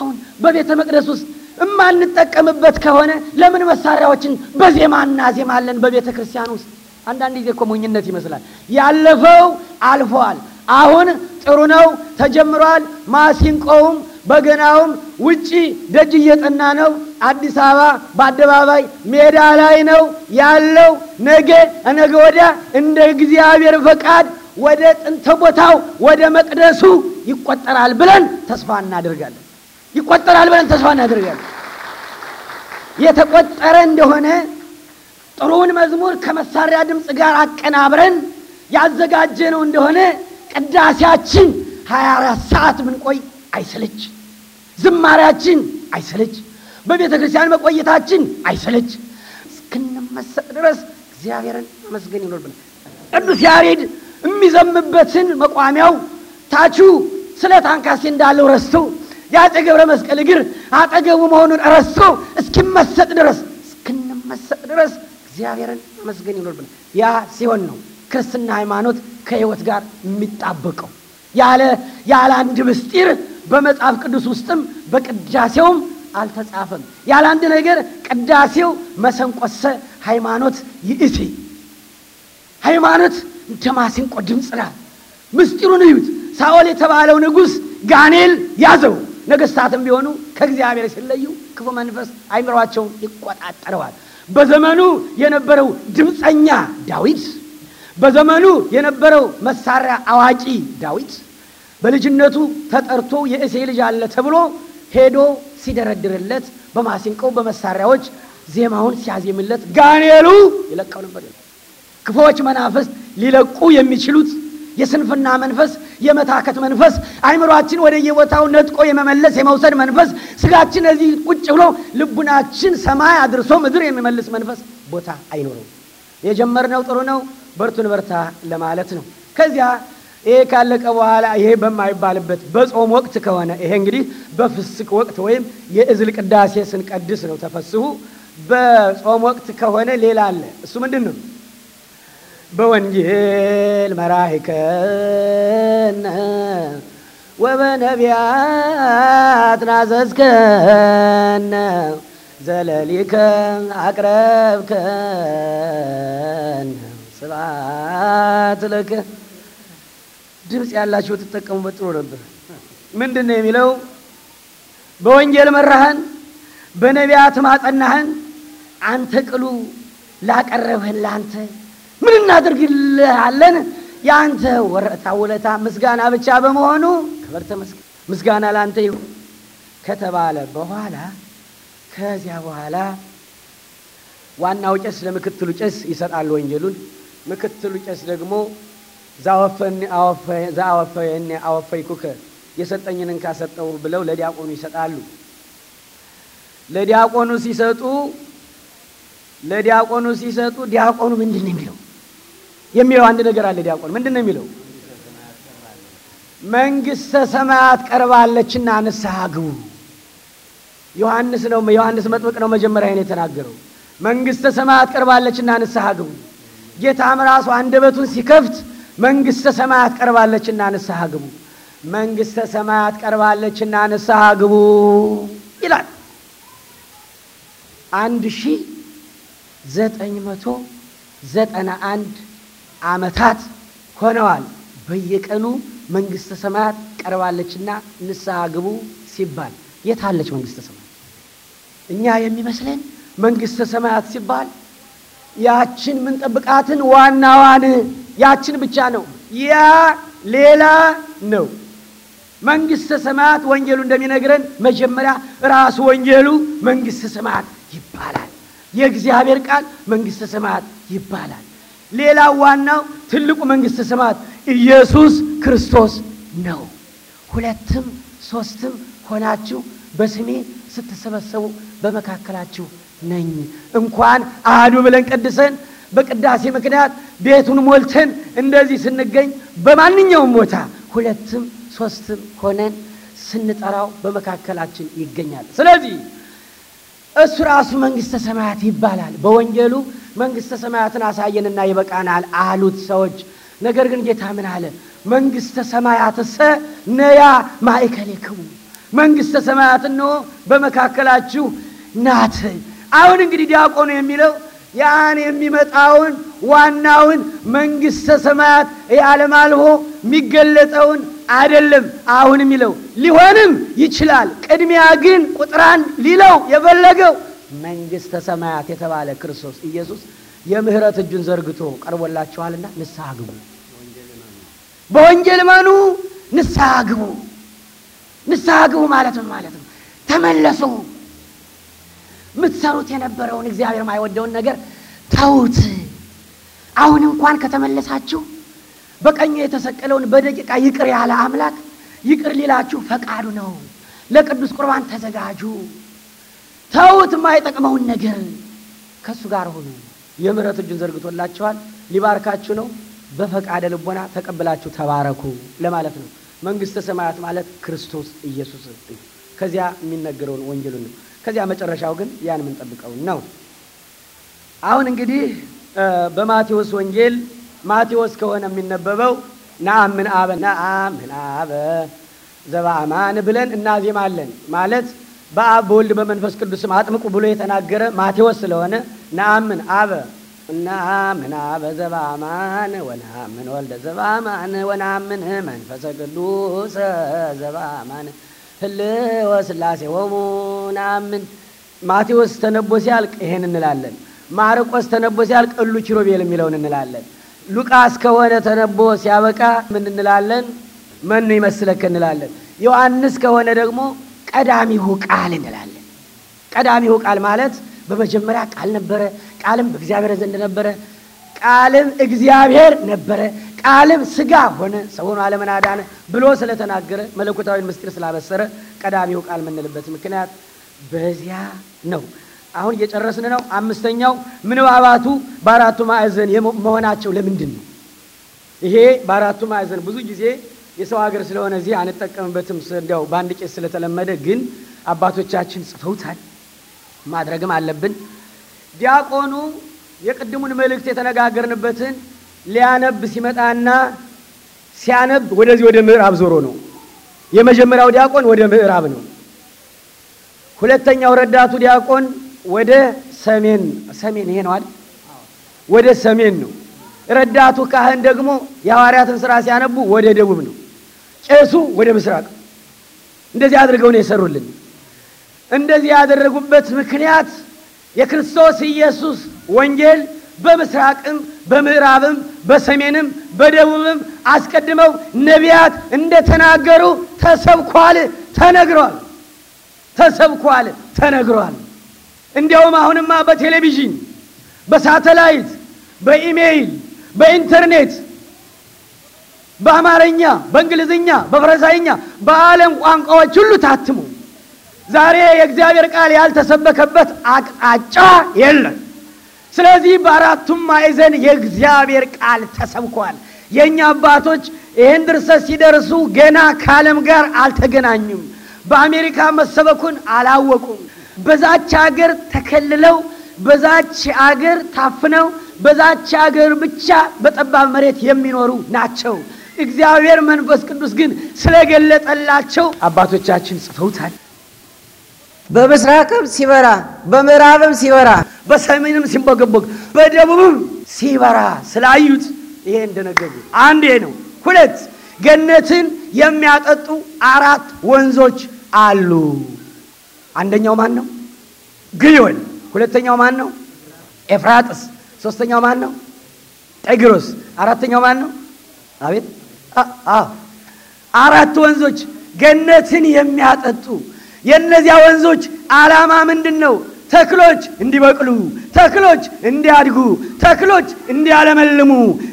አሁን በቤተ መቅደስ ውስጥ እማንጠቀምበት ከሆነ ለምን መሳሪያዎችን በዜማ እናዜማለን? በቤተ ክርስቲያን ውስጥ አንዳንድ ጊዜ ሞኝነት ይመስላል። ያለፈው አልፈዋል አሁን ጥሩ ነው ተጀምሯል። ማሲንቆውም በገናውም ውጪ ደጅ እየጠና ነው። አዲስ አበባ በአደባባይ ሜዳ ላይ ነው ያለው። ነገ ነገ ወዲያ እንደ እግዚአብሔር ፈቃድ ወደ ጥንተ ቦታው ወደ መቅደሱ ይቆጠራል ብለን ተስፋ እናደርጋለን። ይቆጠራል ብለን ተስፋ እናደርጋለን። የተቆጠረ እንደሆነ ጥሩውን መዝሙር ከመሳሪያ ድምፅ ጋር አቀናብረን ያዘጋጀ ነው እንደሆነ ቅዳሴያችን 24 ሰዓት ብንቆይ አይሰለች። ዝማሪያችን አይሰለች፣ በቤተ ክርስቲያን መቆየታችን አይሰለች። እስክንመሰጥ ድረስ እግዚአብሔርን መስገን ይኖርብን ቅዱስ ያሬድ የሚዘምበትን መቋሚያው ታቹ ስለ ታንካሴ እንዳለው ረስቶ የአጼ ገብረ መስቀል እግር አጠገቡ መሆኑን ረስቶ እስኪመሰጥ ድረስ እስክንመሰጥ ድረስ እግዚአብሔርን መስገን ይኖርብን ያ ሲሆን ነው ክርስትና ሃይማኖት ከህይወት ጋር የሚጣበቀው። ያለ ያለ አንድ ምስጢር በመጽሐፍ ቅዱስ ውስጥም በቅዳሴውም አልተጻፈም። ያለ አንድ ነገር ቅዳሴው መሰንቆሰ ሃይማኖት ይእቲ ሃይማኖት እንደ ማሲንቆ ድምፅ ናት። ምስጢሩን እዩት። ሳኦል የተባለው ንጉሥ ጋኔል ያዘው። ነገስታትም ቢሆኑ ከእግዚአብሔር ሲለዩ ክፉ መንፈስ አይምሯቸውን ይቆጣጠረዋል። በዘመኑ የነበረው ድምፀኛ ዳዊት፣ በዘመኑ የነበረው መሳሪያ አዋቂ ዳዊት በልጅነቱ ተጠርቶ የእሴ ልጅ አለ ተብሎ ሄዶ ሲደረድርለት በማሲንቀው በመሳሪያዎች ዜማውን ሲያዜምለት ጋኔሉ ይለቀው ነበር። ክፉዎች መናፍስት ሊለቁ የሚችሉት የስንፍና መንፈስ፣ የመታከት መንፈስ፣ አይምሯችን ወደ የቦታው ነጥቆ የመመለስ የመውሰድ መንፈስ፣ ስጋችን እዚህ ቁጭ ብሎ ልቡናችን ሰማይ አድርሶ ምድር የሚመልስ መንፈስ ቦታ አይኖረው። የጀመርነው ጥሩ ነው፣ በርቱን በርታ ለማለት ነው። ከዚያ ይሄ ካለቀ በኋላ ይሄ በማይባልበት በጾም ወቅት ከሆነ ይሄ እንግዲህ በፍስክ ወቅት ወይም የእዝል ቅዳሴ ስንቀድስ ነው ተፈስሁ። በጾም ወቅት ከሆነ ሌላ አለ። እሱ ምንድን ነው? በወንጌል መራሂከነ ወበነቢያት ናዘዝከነ ዘለሊከ አቅረብከን ስብሐት ለከ ድምፅ ያላቸው ትጠቀሙበት ጥሩ ነበር። ምንድን ነው የሚለው? በወንጌል መራህን፣ በነቢያት ማጠናህን አንተ ቅሉ ላቀረብህን ለአንተ ምን እናደርግልሃለን? የአንተ ወረታ ውለታ ምስጋና ብቻ በመሆኑ ክብር ተመስገን፣ ምስጋና ለአንተ ይሁን ከተባለ በኋላ ከዚያ በኋላ ዋናው ቄስ ለምክትሉ ቄስ ይሰጣል ወንጀሉን። ምክትሉ ቄስ ደግሞ ዛአወፈየኒ አወፈይኩከ የሰጠኝንን ካሰጠው ብለው ለዲያቆኑ ይሰጣሉ። ለዲያቆኑ ሲሰጡ ለዲያቆኑ ሲሰጡ ዲያቆኑ ምንድን ነው የሚለው የሚለው አንድ ነገር አለ። ዲያቆኑ ምንድን ነው የሚለው? መንግስተ ሰማያት ቀርባለችና ንስሐ ግቡ። ዮሐንስ ነው ዮሐንስ መጥምቅ ነው መጀመሪያ ነው የተናገረው። መንግስተ ሰማያት ቀርባለችና ንስሐ ግቡ። ጌታም ራሱ አንደበቱን ሲከፍት መንግሥተ ሰማያት ቀርባለችና ንስሐ ግቡ፣ መንግሥተ ሰማያት ቀርባለችና ንስሐ ግቡ ይላል። አንድ ሺ ዘጠኝ መቶ ዘጠና አንድ ዓመታት ሆነዋል በየቀኑ መንግሥተ ሰማያት ቀርባለችና ንስሐ ግቡ ሲባል። የታለች መንግሥተ ሰማያት? እኛ የሚመስለን መንግሥተ ሰማያት ሲባል ያችን ምንጠብቃትን ዋናዋን ያችን ብቻ ነው። ያ ሌላ ነው። መንግስተ ሰማያት ወንጌሉ እንደሚነግረን መጀመሪያ ራሱ ወንጌሉ መንግስተ ሰማያት ይባላል። የእግዚአብሔር ቃል መንግስተ ሰማያት ይባላል። ሌላው ዋናው ትልቁ መንግስተ ሰማያት ኢየሱስ ክርስቶስ ነው። ሁለትም ሶስትም ሆናችሁ በስሜ ስትሰበሰቡ በመካከላችሁ ነኝ። እንኳን አህዱ ብለን ቀድሰን በቅዳሴ ምክንያት ቤቱን ሞልተን እንደዚህ ስንገኝ በማንኛውም ቦታ ሁለትም ሶስትም ሆነን ስንጠራው በመካከላችን ይገኛል። ስለዚህ እሱ ራሱ መንግሥተ ሰማያት ይባላል። በወንጌሉ መንግሥተ ሰማያትን አሳየንና ይበቃናል አሉት ሰዎች። ነገር ግን ጌታ ምን አለ? መንግሥተ ሰ ነያ ማእከሌክሙ፣ መንግሥተ ሰማያት እንሆ በመካከላችሁ ናት። አሁን እንግዲህ ዲያቆኑ የሚለው ያን የሚመጣውን ዋናውን መንግሥተ ሰማያት የዓለም አልፎ የሚገለጠውን አይደለም አሁን የሚለው ሊሆንም ይችላል። ቅድሚያ ግን ቁጥራን ሊለው የፈለገው መንግሥተ ሰማያት የተባለ ክርስቶስ ኢየሱስ የምህረት እጁን ዘርግቶ ቀርቦላችኋልና ንስሐ ግቡ፣ በወንጌል መኑ ንስሐ ግቡ። ንስሐ ግቡ ማለት ነው ማለት ነው ተመለሱ የምትሰሩት የነበረውን እግዚአብሔር ማይወደውን ነገር ተውት። አሁን እንኳን ከተመለሳችሁ በቀኙ የተሰቀለውን በደቂቃ ይቅር ያለ አምላክ ይቅር ሊላችሁ ፈቃዱ ነው። ለቅዱስ ቁርባን ተዘጋጁ። ተውት የማይጠቅመውን ነገር፣ ከእሱ ጋር ሆኑ። የምሕረት እጁን ዘርግቶላችኋል፣ ሊባርካችሁ ነው። በፈቃደ ልቦና ተቀብላችሁ ተባረኩ ለማለት ነው። መንግሥተ ሰማያት ማለት ክርስቶስ ኢየሱስ ከዚያ የሚነገረውን ወንጌሉን ነው። ከዚያ መጨረሻው ግን ያን የምንጠብቀው ነው። አሁን እንግዲህ በማቴዎስ ወንጌል ማቴዎስ ከሆነ የሚነበበው ነአምን አበ ነአምን አበ ዘበአማን ብለን እናዜማለን ማለት በአብ በወልድ በመንፈስ ቅዱስም አጥምቁ ብሎ የተናገረ ማቴዎስ ስለሆነ ነአምን አበ ነአምን አበ ዘበአማን ወነአምን ወልደ ዘበአማን ወነአምን መንፈሰ ቅዱስ ዘበአማን ህልወ ስላሴ ወሙ ናምን ማቴዎስ ተነቦ ሲያልቅ ይሄን እንላለን። ማርቆስ ተነቦ ሲያልቅ እሉ ኪሩቤል የሚለውን እንላለን። ሉቃስ ከሆነ ተነቦ ሲያበቃ ምን እንላለን? መኑ ይመስለከ እንላለን። ዮሐንስ ከሆነ ደግሞ ቀዳሚሁ ቃል እንላለን። ቀዳሚሁ ቃል ማለት በመጀመሪያ ቃል ነበረ፣ ቃልም በእግዚአብሔር ዘንድ ነበረ ቃልም እግዚአብሔር ነበረ፣ ቃልም ስጋ ሆነ፣ ሰውን ዓለምን አዳነ ብሎ ስለተናገረ መለኮታዊን ምስጢር ስላበሰረ ቀዳሚው ቃል የምንልበት ምክንያት በዚያ ነው። አሁን እየጨረስን ነው። አምስተኛው ምንባባቱ በአራቱ ማዕዘን መሆናቸው ለምንድን ነው? ይሄ በአራቱ ማዕዘን ብዙ ጊዜ የሰው ሀገር ስለሆነ እዚህ አንጠቀምበትም፣ እንዲያው በአንድ ቄስ ስለተለመደ፣ ግን አባቶቻችን ጽፈውታል፣ ማድረግም አለብን። ዲያቆኑ የቅድሙን መልእክት የተነጋገርንበትን ሊያነብ ሲመጣና ሲያነብ ወደዚህ ወደ ምዕራብ ዞሮ ነው። የመጀመሪያው ዲያቆን ወደ ምዕራብ ነው። ሁለተኛው ረዳቱ ዲያቆን ወደ ሰሜን ሰሜን ይሄ ነው አይደል? ወደ ሰሜን ነው። ረዳቱ ካህን ደግሞ የሐዋርያትን ስራ ሲያነቡ ወደ ደቡብ ነው። ቄሱ ወደ ምስራቅ። እንደዚህ አድርገው ነው የሰሩልን። እንደዚህ ያደረጉበት ምክንያት የክርስቶስ ኢየሱስ ወንጌል በምስራቅም በምዕራብም በሰሜንም በደቡብም አስቀድመው ነቢያት እንደተናገሩ ተሰብኳል፣ ተነግሯል። ተሰብኳል፣ ተነግሯል። እንዲያውም አሁንማ በቴሌቪዥን፣ በሳተላይት፣ በኢሜይል፣ በኢንተርኔት፣ በአማርኛ፣ በእንግሊዝኛ፣ በፈረንሳይኛ፣ በዓለም ቋንቋዎች ሁሉ ታትሞ ዛሬ የእግዚአብሔር ቃል ያልተሰበከበት አቅጣጫ የለም። ስለዚህ በአራቱም ማዕዘን የእግዚአብሔር ቃል ተሰብኳል። የእኛ አባቶች ይህን ድርሰት ሲደርሱ ገና ከዓለም ጋር አልተገናኙም። በአሜሪካ መሰበኩን አላወቁም። በዛች አገር ተከልለው፣ በዛች አገር ታፍነው፣ በዛች አገር ብቻ በጠባብ መሬት የሚኖሩ ናቸው። እግዚአብሔር መንፈስ ቅዱስ ግን ስለገለጠላቸው አባቶቻችን ጽፈውታል። በምስራቅም ሲበራ በምዕራብም ሲበራ በሰሜንም ሲንበገበግ በደቡብም ሲበራ ስላዩት ይሄ እንደነገሩ አንድ ይሄ ነው። ሁለት ገነትን የሚያጠጡ አራት ወንዞች አሉ። አንደኛው ማን ነው? ግዮን። ሁለተኛው ማን ነው? ኤፍራጥስ። ሶስተኛው ማን ነው? ጤግሮስ። አራተኛው ማን ነው? አቤት አራት ወንዞች ገነትን የሚያጠጡ የእነዚያ ወንዞች ዓላማ ምንድን ነው? ተክሎች እንዲበቅሉ፣ ተክሎች እንዲያድጉ፣ ተክሎች እንዲያለመልሙ፣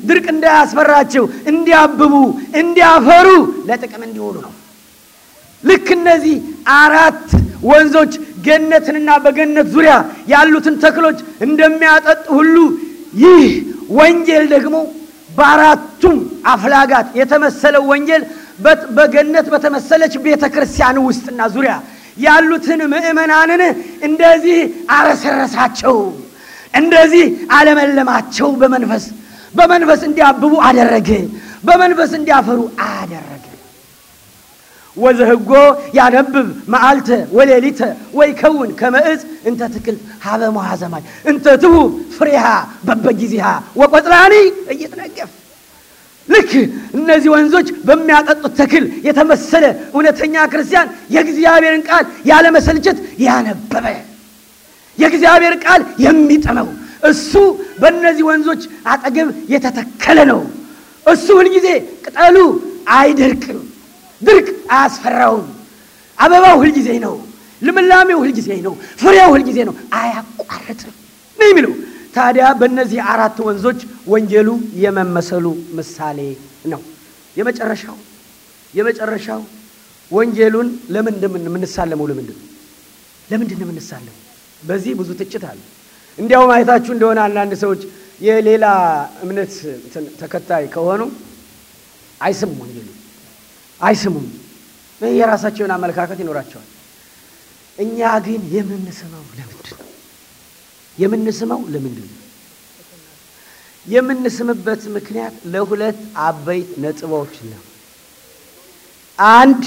ድርቅ እንዳያስፈራቸው፣ እንዲያብቡ፣ እንዲያፈሩ፣ ለጥቅም እንዲውሉ ነው። ልክ እነዚህ አራት ወንዞች ገነትንና በገነት ዙሪያ ያሉትን ተክሎች እንደሚያጠጡ ሁሉ ይህ ወንጌል ደግሞ በአራቱም አፍላጋት የተመሰለው ወንጌል በገነት በተመሰለች ቤተ ክርስቲያን ውስጥና ዙሪያ ያሉትን ምእመናንን እንደዚህ አረሰረሳቸው፣ እንደዚህ አለመለማቸው። በመንፈስ በመንፈስ እንዲያብቡ አደረገ፣ በመንፈስ እንዲያፈሩ አደረገ። ወዘህጎ ያነብብ መዓልተ ወሌሊተ ወይ ከውን ከመእፅ እንተ ትክል ሀበ መዋዘማይ እንተ ትቡ ፍሬሃ በበጊዜሃ ወቆጽላኒ እይትነገፍ ልክ እነዚህ ወንዞች በሚያጠጡት ተክል የተመሰለ እውነተኛ ክርስቲያን የእግዚአብሔርን ቃል ያለመሰልቸት ያነበበ የእግዚአብሔር ቃል የሚጠመው እሱ በእነዚህ ወንዞች አጠገብ የተተከለ ነው። እሱ ሁልጊዜ ቅጠሉ አይደርቅም፣ ድርቅ አያስፈራውም። አበባው ሁልጊዜ ነው፣ ልምላሜው ሁልጊዜ ነው፣ ፍሬው ሁልጊዜ ነው፣ አያቋርጥም ነው የሚለው ታዲያ በእነዚህ አራት ወንዞች ወንጀሉ የመመሰሉ ምሳሌ ነው። የመጨረሻው የመጨረሻው ወንጀሉን ለምንድን የምንሳለመው? ለምንድን ለምንድን የምንሳለመው? በዚህ ብዙ ትችት አለ። እንዲያውም አይታችሁ እንደሆነ አንዳንድ ሰዎች የሌላ እምነት ተከታይ ከሆኑ አይስሙም፣ ወንጌሉ አይስሙም። የራሳቸውን አመለካከት ይኖራቸዋል። እኛ ግን የምንስመው ለምንድን ነው? የምንስመው ለምንድን ነው? የምንስምበት ምክንያት ለሁለት አበይት ነጥቦች ነው። አንድ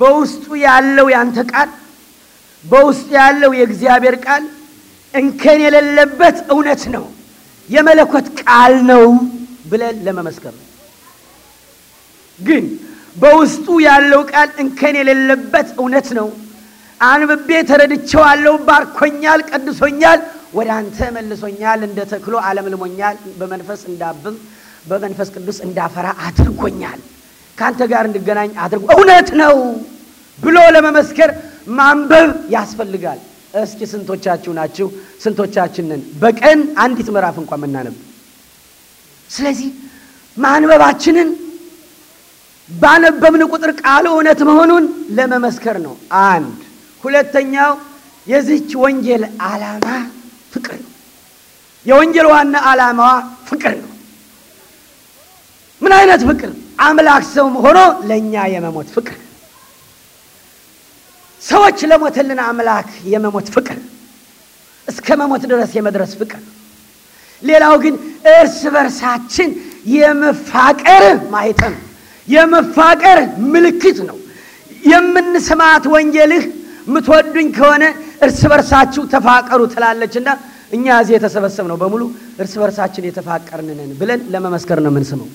በውስጡ ያለው ያንተ ቃል በውስጡ ያለው የእግዚአብሔር ቃል እንከን የሌለበት እውነት ነው፣ የመለኮት ቃል ነው ብለን ለመመስከር ነው። ግን በውስጡ ያለው ቃል እንከን የሌለበት እውነት ነው አንብቤ ተረድቼዋለሁ፣ ባርኮኛል፣ ቀድሶኛል፣ ወደ አንተ መልሶኛል፣ እንደ ተክሎ አለምልሞኛል፣ በመንፈስ እንዳብብ በመንፈስ ቅዱስ እንዳፈራ አድርጎኛል፣ ከአንተ ጋር እንድገናኝ አድርጎ እውነት ነው ብሎ ለመመስከር ማንበብ ያስፈልጋል። እስኪ ስንቶቻችሁ ናችሁ? ስንቶቻችንን በቀን አንዲት ምዕራፍ እንኳን የምናነብ? ስለዚህ ማንበባችንን ባነበብን ቁጥር ቃሉ እውነት መሆኑን ለመመስከር ነው። አንድ ሁለተኛው የዚች ወንጌል ዓላማ ፍቅር ነው። የወንጌል ዋና ዓላማዋ ፍቅር ነው። ምን አይነት ፍቅር? አምላክ ሰው ሆኖ ለእኛ የመሞት ፍቅር፣ ሰዎች ለሞተልን አምላክ የመሞት ፍቅር፣ እስከ መሞት ድረስ የመድረስ ፍቅር። ሌላው ግን እርስ በርሳችን የመፋቀር ነው የመፋቀር ምልክት ነው። የምንሰማት ወንጌልህ ምትወዱኝ ከሆነ እርስ በርሳችሁ ተፋቀሩ ትላለች እና እኛ እዚህ ነው በሙሉ እርስ በርሳችን የተፋቀርንንን ብለን ለመመስከር ነው የምንስመው።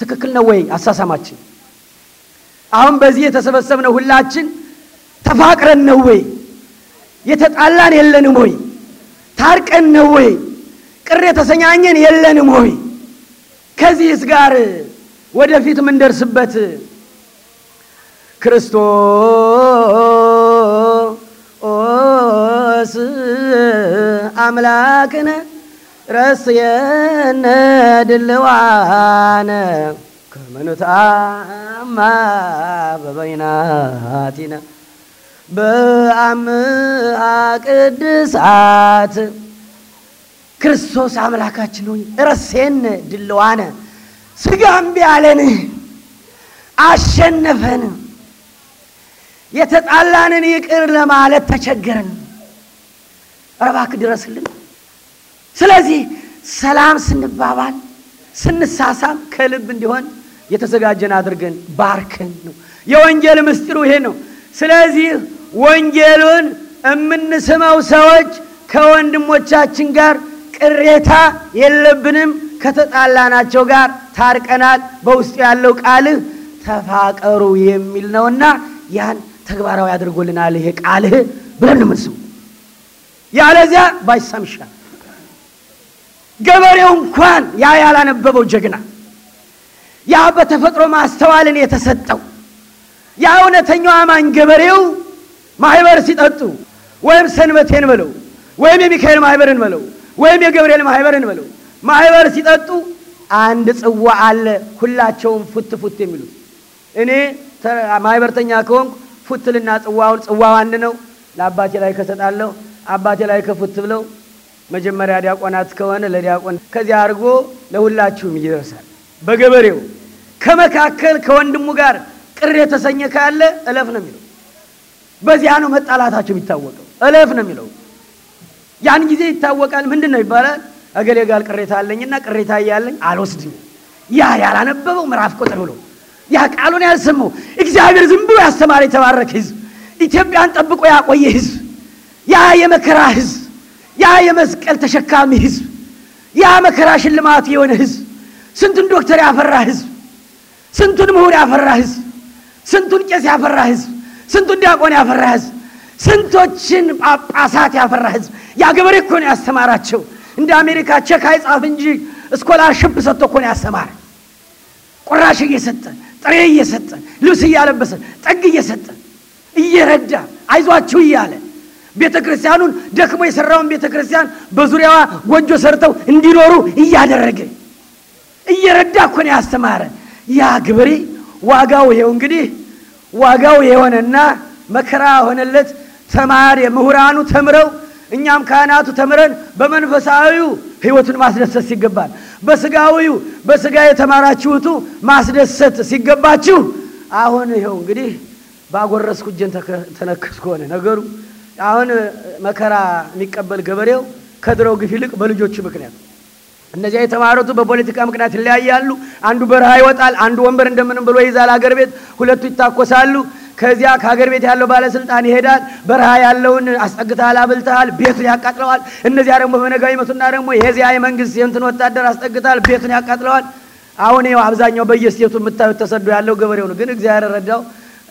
ትክክል ነው ወይ አሳሳማችን? አሁን በዚህ የተሰበሰብነው ሁላችን ተፋቅረን ነው ወይ? የተጣላን የለንም ወይ? ታርቀን ነው ወይ? ቅር የተሰኛኘን የለንም ወይ? ከዚህስ ጋር ወደፊት ምንደርስበት? ክርስቶስ አምላክነ ረስየነ ድልዋነ ከምንታማ በበይናቲነ በአምአ ቅድሳት ክርስቶስ አምላካችን ሆይ ረሴን ድልዋነ ስጋም ቢያለን አሸነፈን። የተጣላንን ይቅር ለማለት ተቸገርን። ኧረ እባክህ ድረስልን። ስለዚህ ሰላም ስንባባል ስንሳሳም ከልብ እንዲሆን የተዘጋጀን አድርገን ባርከን ነው። የወንጌል ምስጢሩ ይሄ ነው። ስለዚህ ወንጌሉን የምንስመው ሰዎች ከወንድሞቻችን ጋር ቅሬታ የለብንም። ከተጣላናቸው ጋር ታርቀናል። በውስጡ ያለው ቃልህ ተፋቀሩ የሚል ነውና ያን ተግባራዊ አድርጎልናል ይሄ ቃልህ ብለን ምንስሙ። ያለዚያ ባይሰምሻ ገበሬው እንኳን ያ ያላነበበው ጀግና፣ ያ በተፈጥሮ ማስተዋልን የተሰጠው ያ እውነተኛው አማኝ ገበሬው ማህበር ሲጠጡ ወይም ሰንበቴን በለው ወይም የሚካኤል ማህበርን በለው ወይም የገብርኤል ማህበርን በለው ማህበር ሲጠጡ አንድ ጽዋ አለ፣ ሁላቸውም ፉት ፉት የሚሉት እኔ ማህበርተኛ ከሆንኩ ፉትልና ጽዋውን ጽዋው አንድ ነው። ለአባቴ ላይ ከሰጣለሁ አባቴ ላይ ከፉት ብለው መጀመሪያ ዲያቆናት ከሆነ ለዲያቆን ከዚያ አድርጎ ለሁላችሁም ይደርሳል። በገበሬው ከመካከል ከወንድሙ ጋር ቅር የተሰኘ ካለ እለፍ ነው የሚለው። በዚያ ነው መጣላታቸው የሚታወቀው። እለፍ ነው የሚለው። ያን ጊዜ ይታወቃል። ምንድን ነው ይባላል? እገሌ ጋር ቅሬታ አለኝና ቅሬታ እያለኝ አልወስድም ያ ያላነበበው ምዕራፍ ቁጥር ብሎ ያ ቃሉን ያልሰሙ እግዚአብሔር ዝም ብሎ ያስተማረ የተባረከ ህዝብ፣ ኢትዮጵያን ጠብቆ ያቆየ ህዝብ፣ ያ የመከራ ህዝብ፣ ያ የመስቀል ተሸካሚ ህዝብ፣ ያ መከራ ሽልማቱ የሆነ ህዝብ፣ ስንቱን ዶክተር ያፈራ ህዝብ፣ ስንቱን ምሁር ያፈራ ህዝብ፣ ስንቱን ቄስ ያፈራ ህዝብ፣ ስንቱን ዲያቆን ያፈራ ህዝብ፣ ስንቶችን ጳጳሳት ያፈራ ህዝብ። ያ ገበሬ እኮ ነው ያስተማራቸው። እንደ አሜሪካ ቼክ አይጻፍ እንጂ ስኮላርሽፕ ሰጥቶ እኮ ነው ያስተማረ ቁራሽ እየሰጠ ጥሬ እየሰጠ ልብስ እያለበሰ ጠግ እየሰጠ እየረዳ አይዟችሁ እያለ ቤተ ክርስቲያኑን ደክሞ የሰራውን ቤተ ክርስቲያን በዙሪያዋ ጎጆ ሰርተው እንዲኖሩ እያደረገ እየረዳ እኮ ነው ያስተማረ። ያ ግብሪ ዋጋው ይኸው እንግዲህ ዋጋው የሆነና መከራ ሆነለት። ተማሪ ምሁራኑ ተምረው እኛም ካህናቱ ተምረን በመንፈሳዊው ህይወቱን ማስደሰት ይገባል። በስጋዊው በስጋ የተማራችሁቱ ማስደሰት ሲገባችሁ፣ አሁን ይኸው እንግዲህ ባጎረስኩ እጄን ተነከስኩ ሆነ ነገሩ። አሁን መከራ የሚቀበል ገበሬው ከድሮው ግፍ ይልቅ በልጆቹ ምክንያት እነዚያ የተማረቱ በፖለቲካ ምክንያት ይለያያሉ። አንዱ በረሃ ይወጣል፣ አንዱ ወንበር እንደምንም ብሎ ይዛል አገር ቤት፣ ሁለቱ ይታኮሳሉ። ከዚያ ከሀገር ቤት ያለው ባለስልጣን ይሄዳል። በረሃ ያለውን አስጠግተሃል፣ አብልተሃል፣ ቤቱን ያቃጥለዋል። እነዚያ ደግሞ በነጋው ይመቱና ደግሞ የዚያ የመንግስት የእንትን ወታደር አስጠግተሃል፣ ቤቱን ያቃጥለዋል። አሁን ይኸው አብዛኛው በየስቴቱ የምታዩት ተሰዶ ያለው ገበሬው ነው። ግን እግዚአብሔር ረዳው።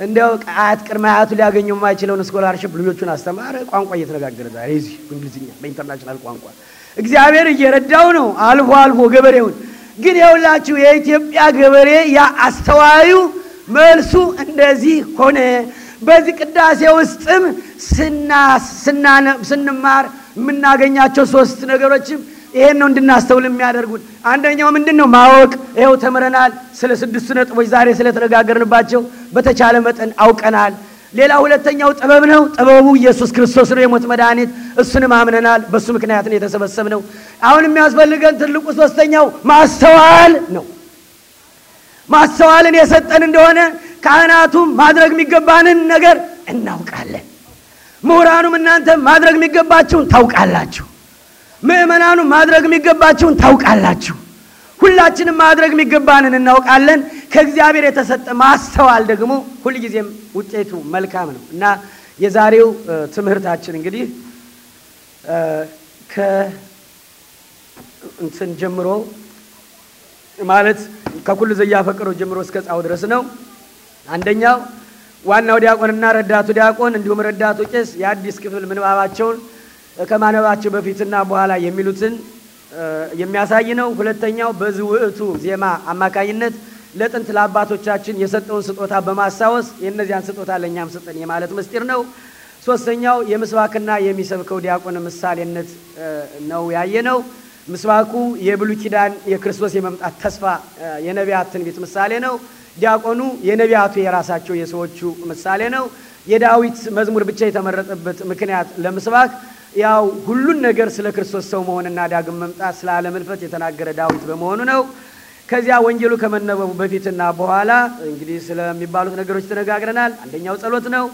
እንዲያው አያት ቅድመ አያቱ ሊያገኘው የማይችለውን ስኮላርሽፕ ልጆቹን አስተማረ። ቋንቋ እየተነጋገረ ዛሬ እዚህ እንግሊዝኛ በኢንተርናሽናል ቋንቋ እግዚአብሔር እየረዳው ነው። አልፎ አልፎ ገበሬውን ግን የሁላችሁ የኢትዮጵያ ገበሬ ያ አስተዋዩ መልሱ እንደዚህ ሆነ። በዚህ ቅዳሴ ውስጥም ስንማር የምናገኛቸው ሶስት ነገሮችም ይሄን ነው እንድናስተውል የሚያደርጉን። አንደኛው ምንድን ነው? ማወቅ። ይኸው ተምረናል። ስለ ስድስቱ ነጥቦች ዛሬ ስለተነጋገርንባቸው በተቻለ መጠን አውቀናል። ሌላ ሁለተኛው ጥበብ ነው። ጥበቡ ኢየሱስ ክርስቶስ ነው፣ የሞት መድኃኒት። እሱንም አምነናል። በእሱ ምክንያት ነው የተሰበሰብነው። አሁን የሚያስፈልገን ትልቁ ሶስተኛው ማስተዋል ነው። ማስተዋልን የሰጠን እንደሆነ ካህናቱም ማድረግ የሚገባንን ነገር እናውቃለን። ምሁራኑም እናንተ ማድረግ የሚገባችሁን ታውቃላችሁ። ምእመናኑ ማድረግ የሚገባችሁን ታውቃላችሁ። ሁላችንም ማድረግ የሚገባንን እናውቃለን። ከእግዚአብሔር የተሰጠ ማስተዋል ደግሞ ሁልጊዜም ውጤቱ መልካም ነው እና የዛሬው ትምህርታችን እንግዲህ ከእንትን ጀምሮ ማለት ዘያ ፈቅሮ ጀምሮ እስከ ጻው ድረስ ነው። አንደኛው ዋናው ዲያቆንና ረዳቱ ዲያቆን እንዲሁም ረዳቱ ቄስ የአዲስ ክፍል ምንባባቸውን ከማንበባቸው በፊትና በኋላ የሚሉትን የሚያሳይ ነው። ሁለተኛው በዚህ ዜማ አማካኝነት ለጥንት ለአባቶቻችን የሰጠውን ስጦታ በማስታወስ የእነዚያን ስጦታ ለእኛም ስጠን የማለት ምስጢር ነው። ሶስተኛው የምስባክና የሚሰብከው ዲያቆን ምሳሌነት ነው ያየ ነው። ምስባኩ የብሉይ ኪዳን የክርስቶስ የመምጣት ተስፋ የነቢያት ትንቢት ምሳሌ ነው። ዲያቆኑ የነቢያቱ የራሳቸው የሰዎቹ ምሳሌ ነው። የዳዊት መዝሙር ብቻ የተመረጠበት ምክንያት ለምስባክ ያው ሁሉን ነገር ስለ ክርስቶስ ሰው መሆንና ዳግም መምጣት ስለ ዓለም ሕልፈት የተናገረ ዳዊት በመሆኑ ነው። ከዚያ ወንጌሉ ከመነበቡ በፊትና በኋላ እንግዲህ ስለሚባሉት ነገሮች ተነጋግረናል። አንደኛው ጸሎት ነው።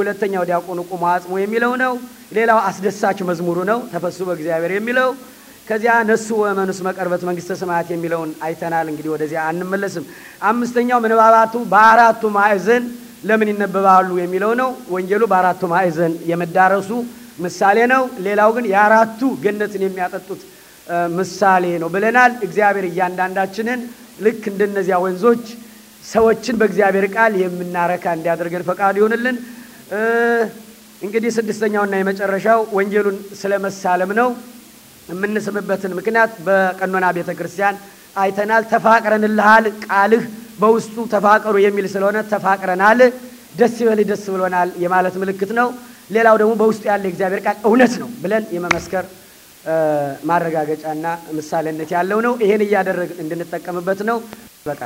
ሁለተኛው ዲያቆኑ ቁሞ አጽሞ የሚለው ነው። ሌላው አስደሳች መዝሙሩ ነው፣ ተፈሱ በእግዚአብሔር የሚለው ከዚያ ነሱ ወመኑስ መቀርበት መንግስተ ሰማያት የሚለውን አይተናል። እንግዲህ ወደዚያ አንመለስም። አምስተኛው ምንባባቱ በአራቱ ማዕዘን ለምን ይነበባሉ የሚለው ነው። ወንጌሉ በአራቱ ማዕዘን የመዳረሱ ምሳሌ ነው። ሌላው ግን የአራቱ ገነትን የሚያጠጡት ምሳሌ ነው ብለናል። እግዚአብሔር እያንዳንዳችንን ልክ እንደነዚያ ወንዞች ሰዎችን በእግዚአብሔር ቃል የምናረካ እንዲያደርገን ፈቃዱ ይሆንልን። እንግዲህ ስድስተኛውና የመጨረሻው ወንጌሉን ስለመሳለም ነው። የምንስምበትን ምክንያት በቀኖና ቤተ ክርስቲያን አይተናል። ተፋቅረንልሃል፣ ቃልህ በውስጡ ተፋቀሩ የሚል ስለሆነ ተፋቅረናል፣ ደስ ይበል ደስ ብሎናል የማለት ምልክት ነው። ሌላው ደግሞ በውስጡ ያለ እግዚአብሔር ቃል እውነት ነው ብለን የመመስከር ማረጋገጫና ምሳሌነት ያለው ነው። ይሄን እያደረግን እንድንጠቀምበት ነው። በቃ